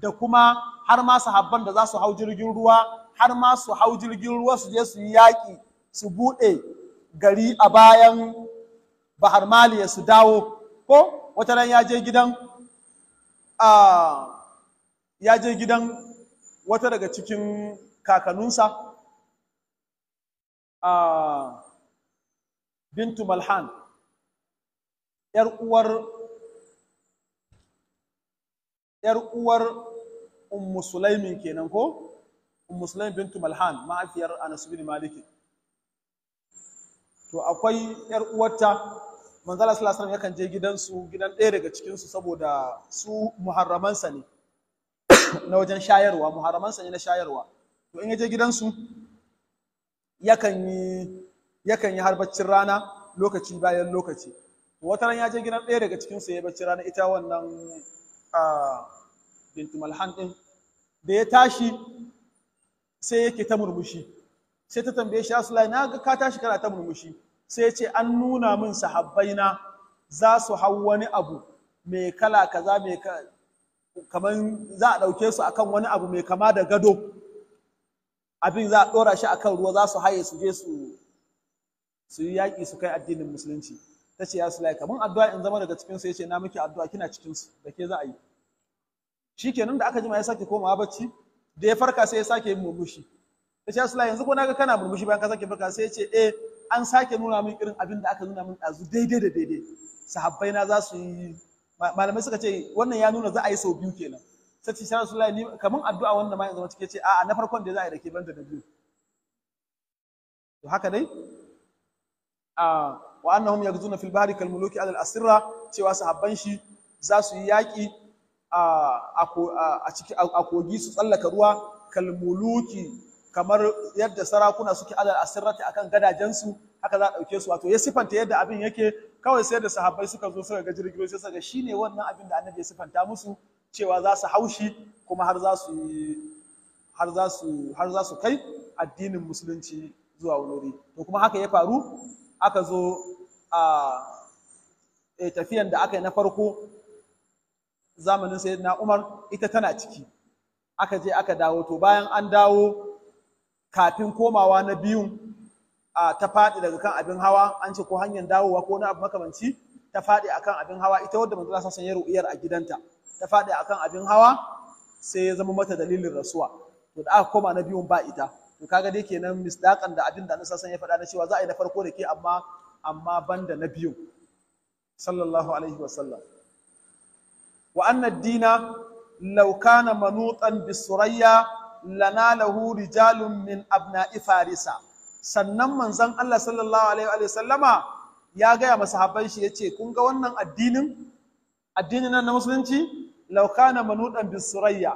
da kuma har ma sahabban da za su hau jirgin ruwa har ma su hau jirgin ruwa su je su yi yaƙi su buɗe gari a bayan bahar maliya su dawo ko wata nan ya je gidan ya je gidan wata daga cikin kakanninsa bintu malhan yar uwar yar uwar ummu sulaimin kenan ko ummu sulaimin bintu malhan mahaifiyar anas bin maliki to akwai yar uwarta manzala sallallahu alaihi yakan je gidansu gidan ɗaya daga cikinsu saboda su muharramansa ne na wajen shayarwa muharramansa ne na shayarwa to in ya je gidansu yakan yi yakan yi har baccin rana lokaci bayan lokaci wata ran ya je gidan ɗaya daga cikinsu ya baccin rana ita wannan bintu malhan ɗin da ya tashi sai yake ta murmushi sai ta tambaye shi Rasulullahi na ga ka tashi kana ta murmushi sai ya ce an nuna min sahabbaina za su hau wani abu mai kala kaza mai kamar za a ɗauke su akan wani abu mai kama da gado abin za a dora shi akan ruwa za su haye su je su su yi yaƙi su kai addinin musulunci ta ce ya sulai kamar addu'a in zama daga cikin su ce na miki addu'a kina cikin su da ke za a yi shikenan da aka jima ya sake komawa bacci da ya farka sai ya sake yin murmushi ce asala yanzu ko naga kana murmushi bayan ka sake baka sai ya ce eh an sake nuna min irin abin da aka nuna min ɗazu daidai da daidai sahabbai na za su yi malamai suka ce wannan ya nuna za a yi sau biyu kenan sai ce shan ni kaman addu'a wannan ma yanzu wata ke ce a'a na farkon da za a yi da ke banda da biyu to haka dai a wa annahum yaghzuna fil bahri kal muluki ala al asirra cewa sahabban shi za su yi yaki a a kogi su tsallaka ruwa kal muluki kamar yadda sarakuna suke alal asirrati akan gadajensu haka za a ɗauke su wato ya sifanta yadda abin yake kawai sai da sahabbai suka zo suka ga jirgin sai suka shine wannan abin da annabi ya sifanta musu cewa za su haushi kuma har za su har za su har za su kai addinin musulunci zuwa wuri to kuma haka ya faru aka zo a tafiyan da aka yi na farko zamanin sayyidina Umar ita tana ciki aka je aka dawo to bayan an dawo kafin komawa na biyun ta faɗi daga kan abin hawa an ce ko hanyar dawowa ko na abu makamanci ta faɗi akan abin hawa ita wadda manzo sallallahu ya ru'iyar a gidanta ta faɗi akan abin hawa sai ya zama mata dalilin rasuwa to da aka koma na biyun ba ita to kaga dai kenan misdaƙan da abin da annabi sallallahu ya faɗa na cewa za a yi na farko da ke amma amma banda na biyun sallallahu alaihi sallam. wa anna ad-dina law kana manutan bisurayya lanalahu rijalun min abna'i farisa sannan manzon Allah sallallahu alaihi wa sallama ya gaya masahaban shi yace kun ga wannan addinin addinin nan na musulunci law kana manudan surayya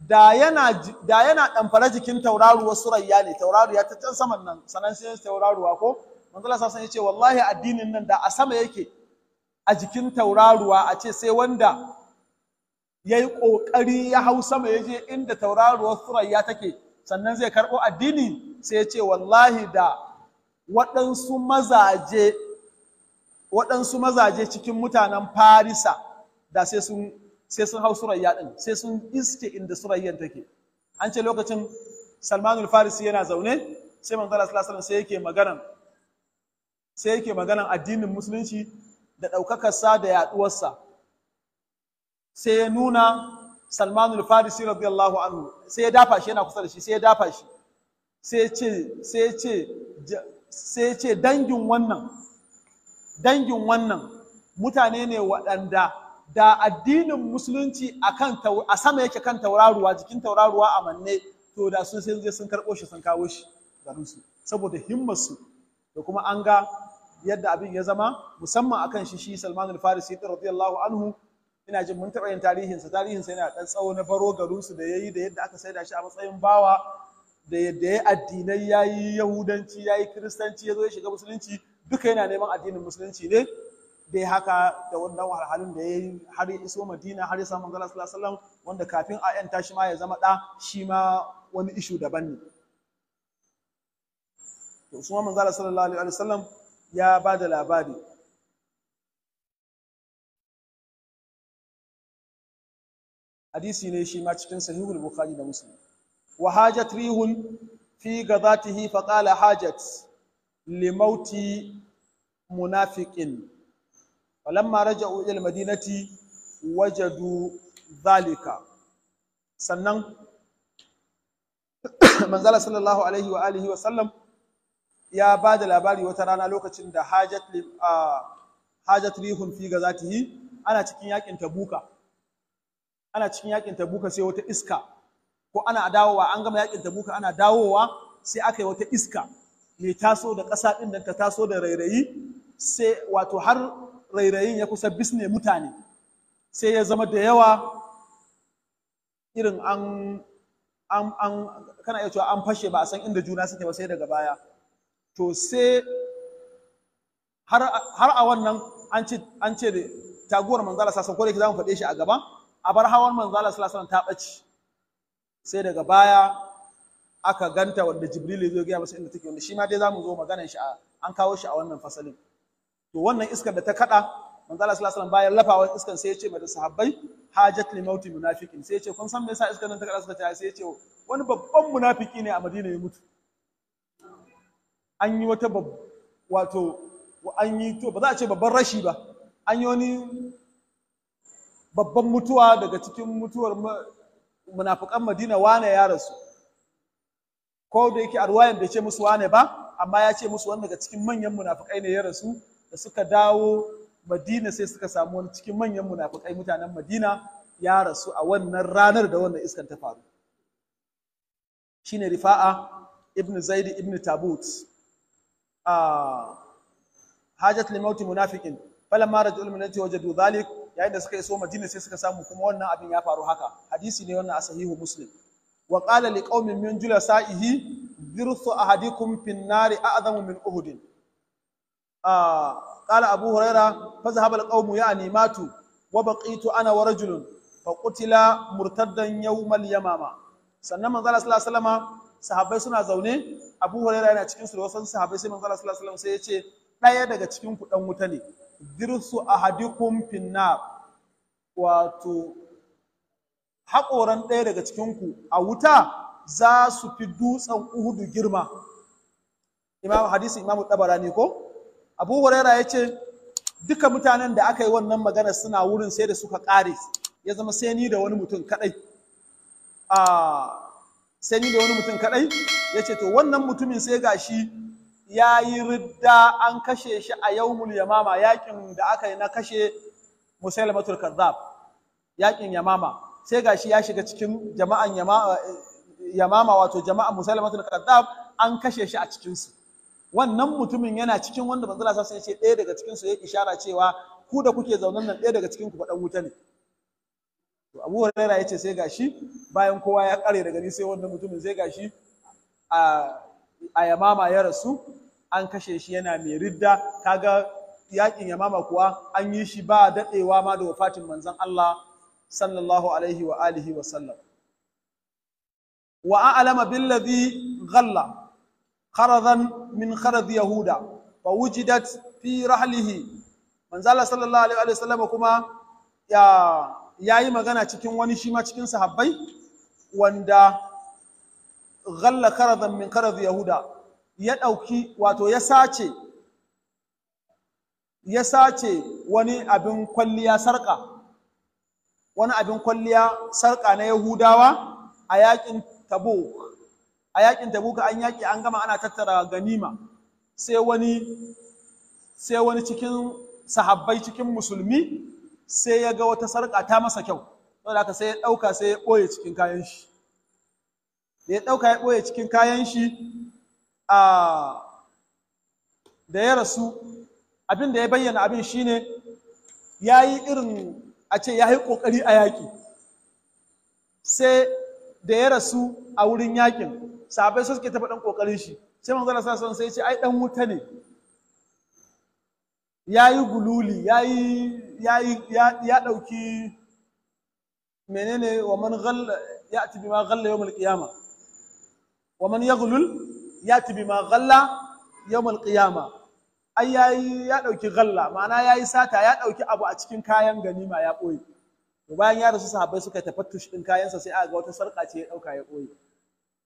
da yana da yana fara jikin tauraruwar surayya ne tauraruwa ta can saman nan sanan sai tauraruwa ko manzon Allah sallallahu alaihi wallahi addinin nan da a sama yake a jikin tauraruwa a ce sai wanda ya yi ƙoƙari ya hau sama ya je inda tauraruwar surayya take sannan zai karɓo addini sai ya ce wallahi da waɗansu mazaje cikin mutanen farisa da sai sun sai sun hau surayya ɗin sai sun iske inda surayyan take an ce lokacin salmanul farisi yana zaune sai manzala sallallahu sai yake maganan sai yake maganan addinin musulunci da ɗaukakarsa da yaɗuwarsa sai ya nuna Salmanul Farisi radiyallahu anhu sai ya dafa shi yana kusa da shi sai ya dafa shi sai ya ce dangin wannan dangin wannan mutane ne waɗanda da addinin musulunci a sama yake kan tauraruwa jikin tauraruwa a manne to da sun sai sun karɓo shi sun kawo shi garinsu saboda su da kuma an ga yadda abin ya zama musamman akan shi shi salmanul farisi radiyallahu anhu ina jin mun taɓa yin tarihinsa tarihinsa yana ɗan tsawo na baro garinsu da ya yi da yadda aka saida shi a matsayin bawa da yadda ya addinai ya yi yahudanci ya yi kiristanci ya zo ya shiga musulunci duka yana neman addinin musulunci ne Bai haka da wannan wahalhalun da ya yi har iso madina har ya samu manzala sallallahu wanda kafin a yanta shi ma ya zama ɗa shi ma wani ishu daban ne to su ma manzala sallallahu alaihi wasallam ya ba da labari hadisi ne shi ma cikin sahihul bukhari da muslim wa hajat rihun fi gazatihi fa qala hajat limauti munafiqin falamma raja'u ila almadinati wajadu dhalika sannan manzala sallallahu alaihi wa alihi wa sallam ya ba da labari wata rana lokacin da hajat ah, rihun fi yi ana cikin yakin tabuka ana cikin yakin tabuka sai wata iska ko ana dawowa an gama yakin tabuka ana dawowa sai aka yi wata iska mai taso da ƙasa ɗin da ta taso da rairayi sai wato har rairayin ya kusa bisne mutane sai ya zama da yawa irin an an an kana iya cewa an fashe ba a san inda juna suke ba sai daga baya to sai har a wannan an ce an ce da taguwar manzala sassan sauko da ke za mu faɗe shi a gaba abar hawan manzo Allah sallallahu alaihi wasallam ta bace sai daga baya aka ganta wanda Jibril zo gaya masa inda take wanda shi ma dai zamu zo maganar shi an kawo shi a wannan fasalin to wannan iskar da ta kada manzo Allah sallallahu alaihi wasallam bayan lafawa iskar sai ya ce da sahabbai hajat li mauti munafiqin sai ya ce kun san me yasa iskar nan ta kada suka ce sai ya ce wani babban munafiki ne a Madina ya mutu an yi wata wato an yi to ba za a ce babban rashi ba an yi wani babban mutuwa daga cikin mutuwar munafukan Madina wane ya rasu ko da yake arwayan bai ce musu wane ba amma ya ce musu wanda daga cikin manyan munafukai ne ya rasu da suka dawo Madina sai suka samu wani cikin manyan munafukai mutanen Madina ya rasu a wannan ranar da wannan iskan ta faru shine Rifa'a ibn Zaid ibn Tabut a ah, hajat limauti munafikin falamma rajul min dhalik yayin da suka iso madina sai suka samu kuma wannan abin ya faru haka hadisi ne wannan a sahihu muslim wa qala liqaumin min julasa'ihi dirsu ahadikum fin nari a'zamu min uhudin ah qala abu huraira fa zahaba alqaumu ya'ni matu wa baqitu ana wa rajulun fa qutila murtaddan yawmal yamama sannan manzo sallallahu alaihi wasallama sahabbai suna zaune abu huraira yana cikin su da wasu sahabbai sai manzo sallallahu alaihi wasallam sai ya ce daya daga cikin ku dan wuta ne dirsu ahadikum finnar wato haƙoran ɗaya daga cikinku a wuta za su fi dutsen uhudu girma imam hadisi imamu ne ko abu Yara ya ce duka mutanen da aka yi wannan magana suna wurin sai da suka ƙare ya zama sai ni da wani mutum kaɗai ah, sai ni da wani mutum kaɗai ya ce to wannan mutumin sai ga shi ya yi ridda an kashe shi a yawmul yamama yakin da aka yi na kashe matur kazzab yakin yamama sai ga shi ya shiga cikin jama'an yamama wato jama'an matur kazzab an kashe shi a cikinsu wannan mutumin yana cikin wanda manzala sa sai ce ɗaya daga cikinsu ya ishara cewa ku da kuke zaunan nan ɗaya daga cikin ku faɗan wuta ne to Abu Hurairah ce sai gashi bayan kowa ya kare daga ni sai wannan mutumin sai gashi a a yamama ya rasu an kashe shi yana mai ridda kaga yakin yamama kuwa an yi shi ba daɗewa ma da wafatin manzon Allah sallallahu alaihi wa alihi wa sallam wa a'lama billadhi ghalla kharadan min kharad yahuda fa wujidat fi rahlihi manzon Allah sallallahu alaihi wa sallam kuma ya yayi magana cikin wani shi ma cikin sahabbai wanda ghalla karadan min karad yahuda ya dauki wato ya sace ya sace wani abin kwalliya sarka wani abin kwalliya sarka na yahudawa a yakin tabuk a yakin tabuka an yaki an gama ana tattara ganima sai wani sai wani cikin sahabbai cikin musulmi sai ya ga wata sarka ta masa kyau saboda haka sai ya dauka sai ya boye cikin kayan shi da ya ɗauka ya ɓoye cikin kayan shi a da ya rasu abin da ya bayyana abin shine ya yi irin a ce ya yi ƙoƙari a yaƙi sai da ya rasu a wurin yaƙin sabai su suke taɓa ɗan ƙoƙarin shi sai zana sassan sai ce ai ɗan wuta ne ya yi gululi ya ɗauki menene wa man ghalla ya ati bima ghalla yawmul qiyamah wa man ياتي بما bima يوم القيامه qiyama ai yayi ya dauki ghalla ma'ana yayi sata ya dauki abu a cikin kayan ganima ya boye to bayan ya rasu sahabbai suka tafattush din kayan sa sai aka ga wata sarka ce ya dauka ya boye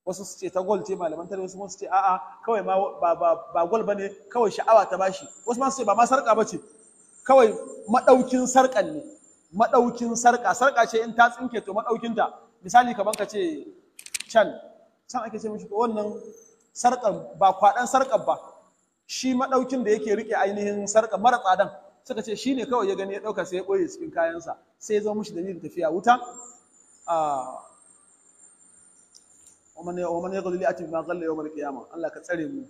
wasu su ce ta gol ce malaman tare wasu su ce a'a kawai ma ba ba ba gol bane kawai sha'awa ta bashi wasu ma su ce ba ma sarka bace kawai madaukin sarkan ne madaukin sarka sarka ce in ta tsinke to madaukin ta misali kaman ka ce can can ake ce mishi to wannan sarƙar ba kwaɗan sarƙar ba shi maɗaukin da yake riƙe ainihin sarka mara tsadan suka ce shi ne kawai ya gani ya ɗauka sai ya ɓoye cikin kayansa sai ya zama da dalilin tafiya wuta wa man yaghlu li ati bima ghalla yawm al-qiyamah Allah ka tsare mu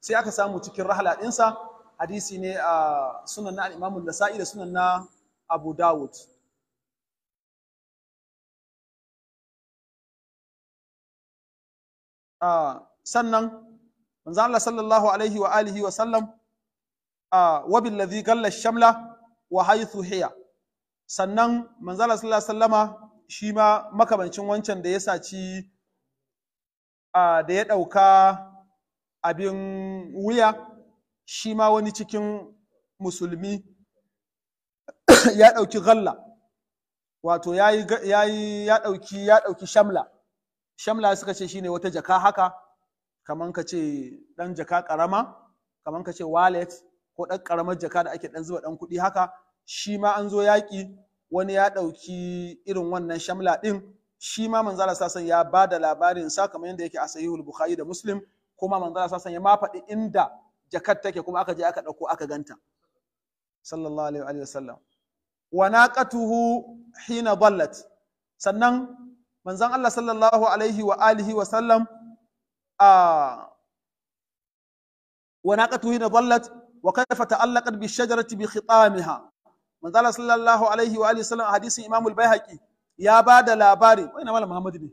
sai aka samu cikin rahala ɗinsa hadisi ne a sunan na al-Imam an-Nasa'i da sunan na Abu Dawud Ah, sannan manzo Allah sallallahu alaihi wa alihi wa sallam ah, wa bil ladhi galla shamla wa haythu hiya sannan manzo Allah sallallahu alaihi wasallama shi ma makamancin wancan da ya saci ah, da ya ɗauka abin wuya shi ma wani cikin musulmi ya ɗauki galla wato ya dauki ya ɗauki shamla shamla suka ce shine wata jaka haka kaman ka ce dan jaka karama kaman ka ce wallet ko dan karamar jaka da ake dan zuba dan kuɗi haka shi ma an zo yaki, wani ya ɗauki irin wannan shamla ɗin shi ma manzala sasan ya ba da labarin sa kamar yadda yake a sahihul bukhari da muslim kuma manzala sasan ya ma faɗi inda jakar take kuma aka je aka ɗauko aka ganta sallallahu alaihi wa sallam wa naqatuhu hina dallat sannan manzon Allah sallallahu alaihi wa alihi wa sallam a wa naqatu hina dhallat wa kayfa ta'allaqat bi shajarati bi khitamiha manzon Allah sallallahu alaihi wa alihi wa sallam hadisin Imam al-Baihaqi ya bada labari wai na malam Muhammad ne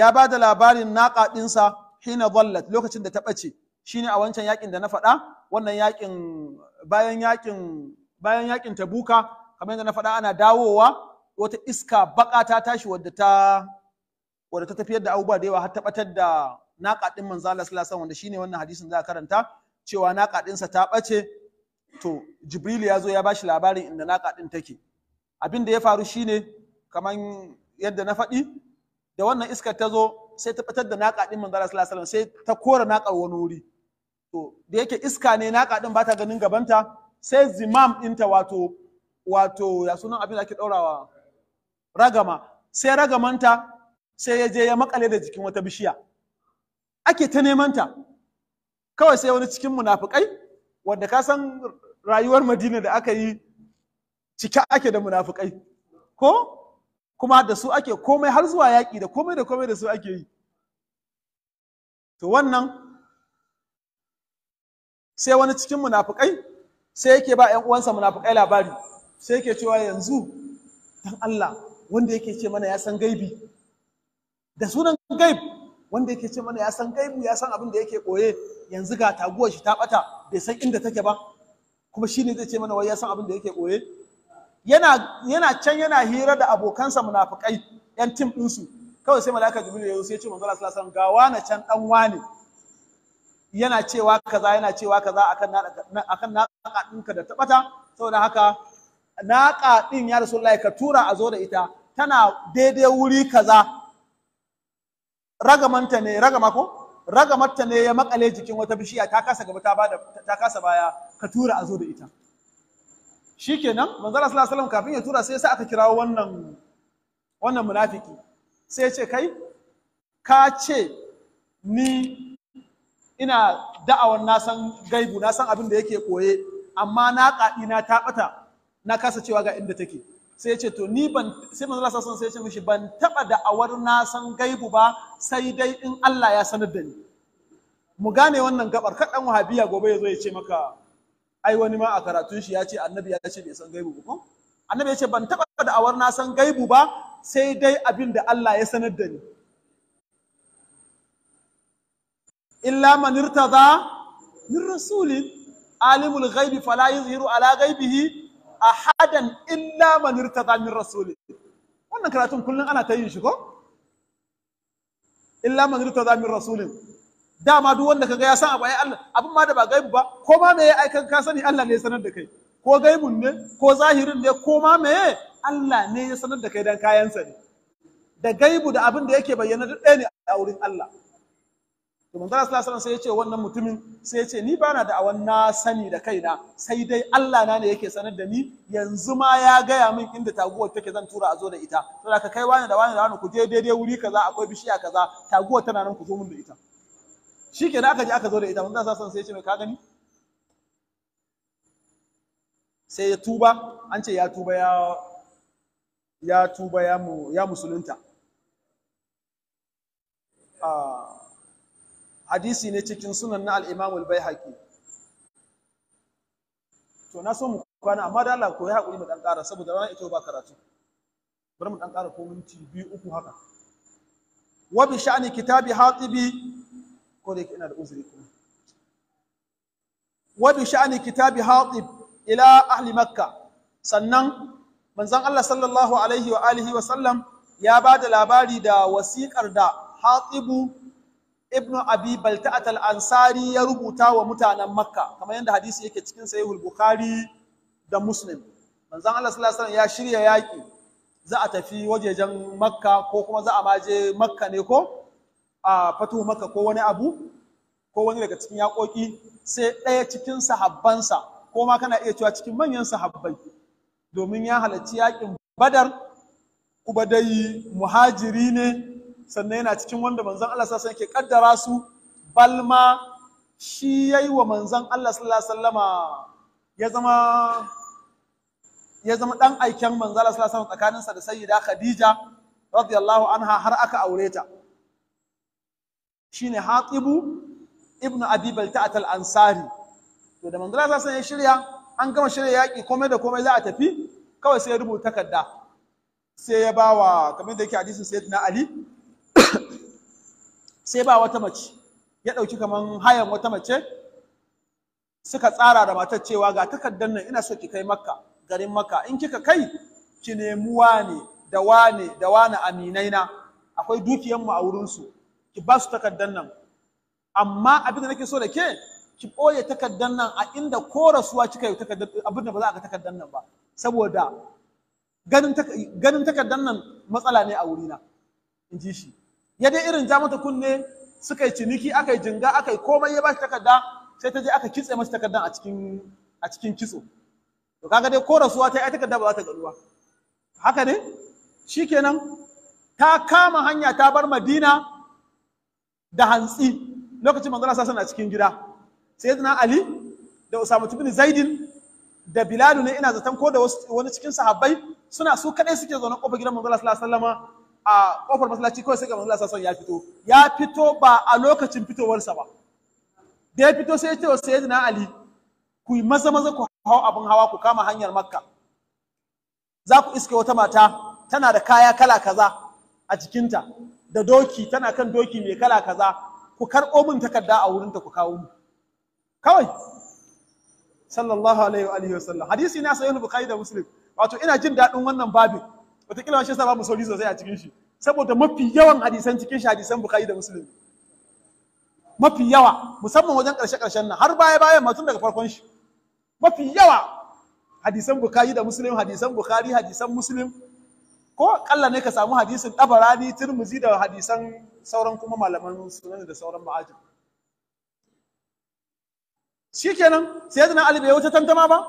ya bada labarin naqa dinsa hina dhallat lokacin da ta bace shine a wancan yakin da na faɗa wannan yakin bayan yakin bayan yakin Tabuka kamar yadda na faɗa ana dawowa wata iska baka ta tashi wadda ta wadda ta tafiyar da abubuwa da yawa har tabbatar da naka din manzo Allah sallallahu alaihi wanda shine wannan hadisin za karanta cewa naka sa ta bace to Jibril ya zo ya bashi labarin inda naka din take abin da ya faru shine kaman yadda na faɗi da wannan iskar ta zo sai ta fitar da naka din manzo Allah sallallahu alaihi sai ta kora naka wani wuri to da yake iska ne naka din ba ta ganin gabanta sai zimam ɗinta wato wato ya sunan abin da ake ɗaurawa ragama sai ragamanta sai ya je ya makale da jikin wata bishiya ake ta nemanta kawai sai wani cikin munafukai wanda ka san rayuwar madina da aka yi cike ake da munafukai ko kuma da su ake komai har zuwa yaƙi da komai da komai da su ake yi to wannan sai wani cikin munafukai sai yake ba 'yan uwansa munafukai labari sai yake cewa yanzu dan Allah wanda yake ce mana ya san gaibi da sunan gaib wanda yake ce mana ya san gaibu ya san abin da yake koye yanzu ga taguwar shi ta bata bai san inda take ba kuma shine zai ce mana wai ya san abin da yake koye yana yana can yana hira da abokansa munafikai yan tim din su, kawai sai malaka jibril ya zo sai ya ce manzo Allah sallallahu alaihi wasallam ga wani can dan wani yana cewa kaza yana cewa kaza akan akan ka da da tabata saboda haka naka ɗin ya rasulullahi ka tura a zo da ita tana daidai wuri kaza ragamanta ne ragama ko ragamarta ne ya makale jikin wata bishiya ta kasa gaba ta bada ta kasa baya ka tura a da ita shikenan Allah sallallahu alaihi wasallam kafin ya tura sai sa aka kirawo wannan wannan munafiki sai ya ce kai ka ce ni ina da'awar na san gaibu na san abin da yake koye amma na kaɗi na taɓata na kasa cewa ga inda take sai ya ce to ni ban sai manzo Allah sai ya ce mishi ban taba da'awar na san gaibu ba sai dai in Allah ya sanar da ni mu gane wannan gabar kaɗan wahabiya gobe ya zo ya ce maka ai wani ma a karatun shi ya ce annabi ya ce bai san gaibu ba ko annabi ya ce ban taba da'awar na san gaibu ba sai dai abin da Allah ya sanar da ni illa man irtaza min rasulin alimul ghaibi fala yuzhiru ala ghaibihi ahadan illa man irtada min rasuli wannan karatun kullum ana ta yin shi ko illa man irtada min rasulin dama duk wanda kaga ya san abu ai Allah abin ma da ba gaibu ba ko ma meye ai kan ka sani Allah ne ya sanar da kai ko gaibun ne ko zahirin ne ko ma meye Allah ne ya sanar da kai dan kayansa ne da gaibu da abin da yake bayyana duk ɗaya ne a wurin Allah to manzo Allah sallallahu alaihi wasallam sai ya ce wannan mutumin sai ya ce ni bana da awan na sani da kaina sai dai Allah na ne yake sanar da ni yanzu ma ya gaya min inda taguwar take zan tura a zo da ita to da ka kai wani da wani da wani ku je daidai wuri kaza akwai bishiya kaza taguwar tana nan ku zo min da ita shikenan aka je aka zo da ita manzo Allah sallallahu alaihi wasallam sai ya ce me ka gani sai ya tuba an ce ya tuba ya ya tuba ya mu ya musulunta ah hadisi ne cikin sunan na al bai al to na so mu kwana amma da Allah koyi hakuri mu ɗan ƙara saboda ranar ita ba karatu bari mu ɗan ƙara ko minti biyu uku haka wa sha'ani kitabi hatibi ko da yake ina da uzuri kuma wa bi sha'ni kitabi hatib ila ahli makka sannan manzon Allah sallallahu alaihi wa alihi wa sallam ya ba da labari da wasiƙar da hatibu ibnu abi balta'at al-ansari ya rubuta wa mutanen makka kamar yadda hadisi yake cikin sahihul bukhari da muslim manzon Allah sallallahu alaihi wasallam ya shirya yaki za a tafi wajejen makka ko kuma za a maje makka ne ko a fatu makka ko wani abu ko wani daga cikin yakoki sai ɗaya cikin sahabbansa ko ma kana iya cewa cikin manyan sahabbai domin ya halarci yaƙin badar kuma dai muhajiri ne sannan yana cikin wanda manzon Allah sallallahu alaihi yake kaddara su balma shi yayi wa manzon Allah sallallahu alaihi ya zama ya dan aiken manzon Allah sallallahu alaihi wasallam tsakaninsa da sayyida Khadija radiyallahu anha har aka aure ta shine Hatibu ibn Abi Balta'at al-Ansari to da manzon Allah sallallahu ya shirya an gama shirya yaƙi komai da komai za a tafi kawai sai ya rubuta takarda sai ya ba wa kamar da yake hadisin sayyidina Ali sai ba wata mace ya ɗauki kaman hayan wata mace suka tsara da matar cewa ga takardar nan ina so ki kai makka garin makka in kika kai ki nemi ne da wane da wane aminai na akwai dukiyanmu a wurinsu ki ba su takardar nan amma abin da nake so da ke ki ɓoye takardar nan a inda ko rasuwa kika yi takardar abin da ba za a ga takardar nan ba saboda ganin takardar nan matsala ne a wurina in ji shi ya dai irin ja mata kunne suka yi ciniki aka yi jinga aka yi komai ya bashi takarda sai ta je aka kitse masa takardan a cikin a cikin kitso to kaga dai ko rasuwa ta yi takarda ba za ta ruwa haka ne shi kenan ta kama hanya ta bar Madina da hantsi lokacin manzon sa a cikin gida sayyidina Ali da Usama ibn Zaidin da Bilal ne ina zaton ko da wani cikin sahabbai suna su kadai suke zaune kofar gidan manzon sallallahu alaihi wasallama a kofar masallaci kawai sai ga manzo sassan ya fito ya fito ba a lokacin fitowarsa ba da ya fito sai ya ce wa sayyidina Ali ku yi maza maza ku hau abin hawa ku kama hanyar Makka za ku iske wata mata tana da kaya kala kaza a jikinta da doki tana kan doki mai kala kaza ku karɓo min takarda a wurinta ku kawo mu kawai sallallahu alaihi wa sallam. hadisi na sahih bukhari da muslim wato ina jin daɗin wannan babin wataƙila shi sa ba sauri sosai a cikin shi saboda mafi yawan hadisan cikin shi hadisan bukari da musulmi mafi yawa musamman wajen ƙarshe ƙarshen nan har baya baya ma tun daga farkon shi mafi yawa hadisan bukari da musulmi hadisan bukari hadisan musulmi ko kalla ne ka samu hadisin mu turmuzi da hadisan sauran kuma malaman sunan da sauran ma'ajin shikenan sai yadda na alibai wata tantama ba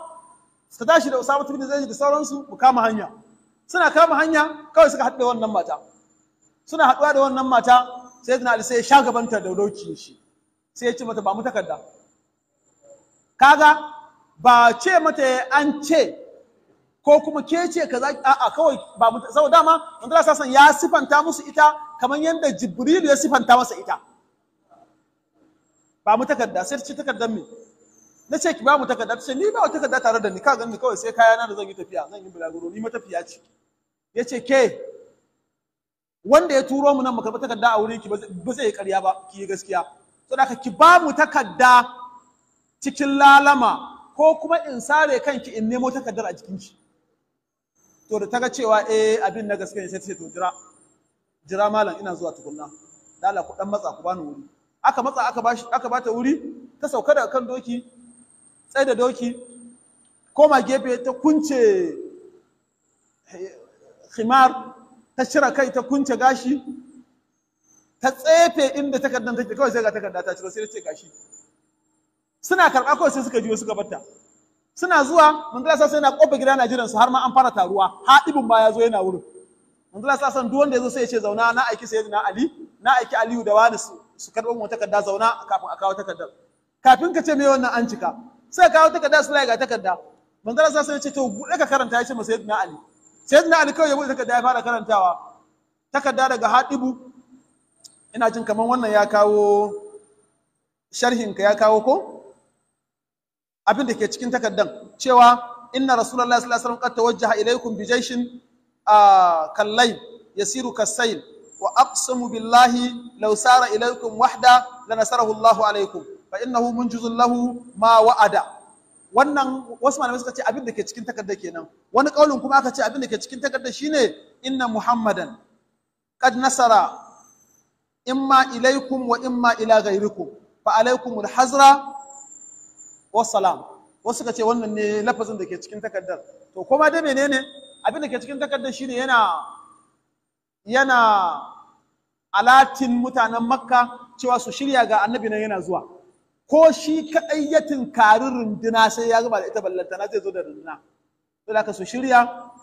su tashi da usama turmi zai da sauransu mu kama hanya suna kama hanya kawai suka haɗu da wannan mata suna haɗuwa da wannan mata sai na alisai ya sha gabanta da doki shi sai ya ce mata ba mu takarda kaga ba ce mata an ce ko kuma ke ce kaza a'a kawai ba mu sau dama manzala sasan ya sifanta musu ita kamar yadda jibrilu ya sifanta masa ita ba mu takarda sai ta ce takardar me na ce ki ba mu takarda ce ni ba wa takarda tare da ni ka gani kawai sai kaya na da zan yi tafiya zan yi bulaguro ni matafiya ce ya ce ke wanda ya turo mu nan mu karɓi takarda a wurin ki ba zai yi ƙarya ba ki yi gaskiya to da ki ba mu takarda cikin lalama ko kuma in sare kanki in nemo takardar a jikinki to da ta ga cewa eh abin na gaskiya sai ta ce to jira jira malam ina zuwa tukunna dala ku dan matsa ku bani wuri aka matsa aka bashi aka bata wuri ta sauka daga kan doki tsaye da doki koma gefe ta kunce eh, himar ta shira kai ta kunce gashi ta tsefe inda takardar take kawai sai ga takarda ta ciro sai ta ce gashi suna karɓa kawai sai suka juyo suka batta suna zuwa manzala sassan yana kofa gida na jiran su har ma an fara taruwa haɗibin ba ya zo yana wurin manzala sassan duk wanda ya zo sai ya ce zauna na aiki sai na ali na aiki aliyu da wani su karɓar mu takarda zauna kafin a kawo takardar kafin ka ce me wannan an cika sai kawo takarda su ga takarda manzara sa sai ce to buɗe ka karanta ya ce masa yadda ali sayyidina ali kawai ya bude takarda ya fara karantawa takarda daga haɗibu ina jin kamar wannan ya kawo sharhinka ya kawo ko abin da ke cikin takardan cewa inna rasulullahi sallallahu alaihi wasallam qad tawajjaha ilaykum bi jayshin kallay yasiru kasayl wa aqsamu billahi law sara ilaykum wahda lanasarahu Allahu alaykum fa innahu munjizun lahu ma wa'ada wannan wasu malamai suka ce abin da ke cikin takardar kenan wani kaulin kuma aka ce abin da ke cikin takardar shine inna muhammadan qad nasara imma ilaykum wa imma ila ghayrikum fa alaykumul hazra salam wasu suka ce wannan ne lafazin da ke cikin takardar to kuma da menene abin da ke cikin takardar shine yana yana alatin mutanen makka cewa su shirya ga annabi nan yana zuwa ko shi kaɗai ya tunkari runduna sai ya zuba da ita ballantana zai zo da runduna saboda ka su shirya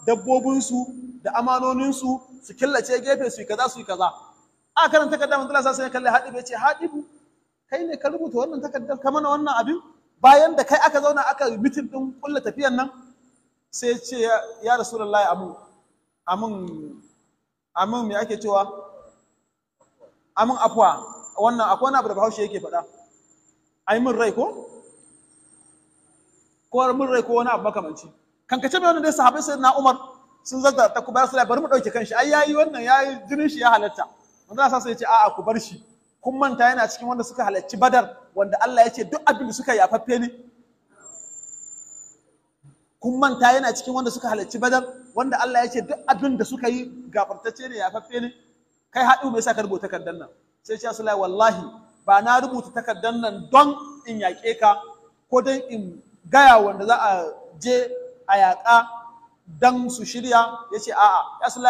dabbobinsu da amanoninsu su killace gefe su yi kaza su yi kaza a karan takardar manzala sa sai kalli haɗibu ya ce haɗibu kai ne ka rubuta wannan takardar ka mana wannan abin bayan da kai aka zauna aka mitin ɗin ƙulla tafiyan nan sai ce ya rasulullahi amu amun amun me ake cewa amun afuwa wannan akwai wani abu da bahaushe yake faɗa ai mun rai ko ko mun rai ko wani abu makamanci kankace mai wannan dai sahabbai sai na Umar sun zata ta kubar bayar sai bari mu dauke kanshi ai yayi wannan yayi jinin shi ya halatta manzo sa sai ya ce a'a ku bar shi kun manta yana cikin wanda suka halacci Badar wanda Allah ya ce duk abin da suka yafaffe ne kun manta yana cikin wanda suka halacci Badar wanda Allah ya ce duk abin da suka yi gafartacce ne yafaffe ne kai haɗu me yasa ka rubuta takardar nan sai ya ce wallahi ba na rubuta takardar nan don in yaƙe ka ko don in gaya wanda za a je a yaƙa don su shirya ya ce a'a ya su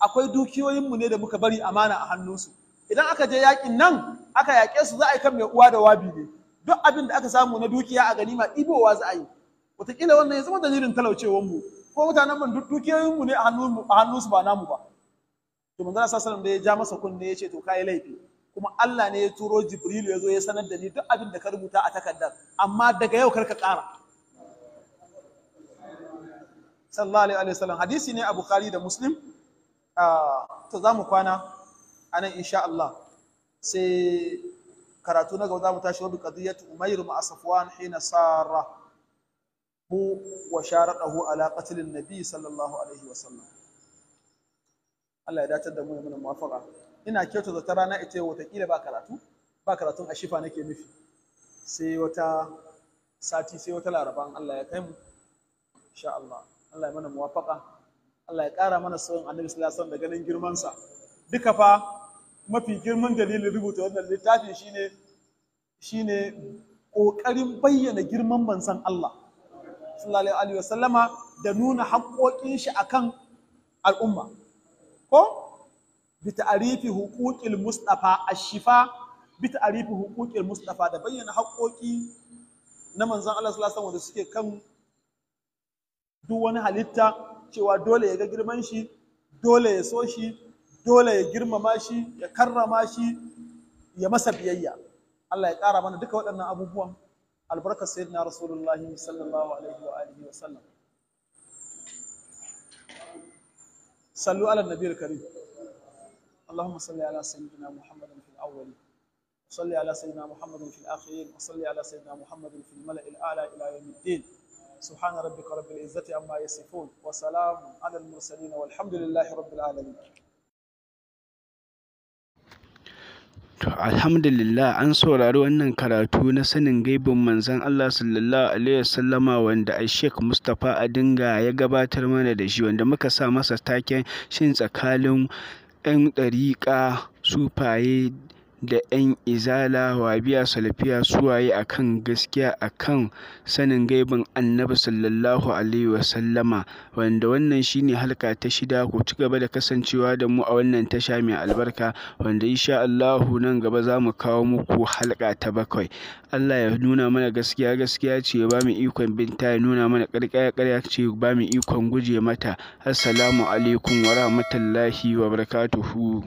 akwai dukiyoyinmu ne da muka bari amana a hannunsu idan aka je yaƙin nan aka yaƙe su za a yi kan mai uwa da wabi ne duk abin da aka samu na dukiya a ganima ibowa za a yi wataƙila wannan ya zama dalilin talaucewanmu ko mutanen mu duk dukiyoyinmu ne a hannunsu ba namu ba to manzon sallallahu da ya ja masa kunne ya ce to kai laifi kuma Allah ne ya turo Jibrilu ya zo ya sanar da ni duk abin da ka rubuta a takardar amma daga yau karka kara. sallallahu alaihi wasallam hadisi ne a Bukhari da Muslim ah, to za mu kwana anan nan insha Allah sai karatu na gaba za mu tashi wa bi qadiyatu Umayr ma Safwan hina sara hu wa sharadahu ala qatl an-nabi sallallahu alaihi wasallam Allah ya datar da mu ya muna mafaka. ina kyauta zata rana ita yau watakila ba karatu ba karatun a shifa nake nufi sai wata sati sai wata laraban Allah ya kai mu insha Allah Allah ya mana muwafaka Allah ya ƙara mana sauran annabi sallallahu alaihi wasallam da ganin girmansa duka fa mafi girman dalilin rubuta wannan littafin shine shine ƙoƙarin bayyana girman manzon Allah sallallahu alaihi wasallama da nuna haƙoƙin shi akan al'umma ko bita'arifi huquqil mustafa ash-shifa bita'arifi huquqil mustafa da bayyana haƙoƙi na manzon Allah sallallahu alaihi wasallam suke kan duk wani halitta cewa dole ya ga girman shi dole ya so shi dole ya girmama shi ya karrama shi ya masa biyayya Allah ya ƙara mana duka waɗannan abubuwan albarkar sayyidina rasulullahi sallallahu alaihi wa sallam sallu ala nabiyil karim اللهم صل على سيدنا محمد في الأولين صل على سيدنا محمد في الآخرين وصل على سيدنا محمد في الملأ الأعلى إلى يوم الدين سبحان ربك رب العزة عما يصفون وسلام على المرسلين والحمد لله رب العالمين alhamdulillah an saurari wannan karatu na sanin gaibin manzon Allah sallallahu alaihi wasallama wanda a Sheikh Mustapha Adinga ya gabatar mana da shi wanda muka sa masa taken shin tsakalin 'yan ɗariƙa sufaye da 'yan Izala biya Salafiya su waye a kan gaskiya a kan sanin gaibin Annabi Sallallahu Alaihi Wasallama wanda wannan shine halka ta shida ku ci gaba da kasancewa da mu a wannan tasha mai albarka wanda insha Allah nan gaba za mu kawo muku halka ta bakwai Allah ya nuna mana gaskiya gaskiya ce ba mu ikon binta ya nuna mana ƙarƙaya ƙarya ce ba mu ikon guje mata assalamu alaikum wa rahmatullahi wa barakatuhu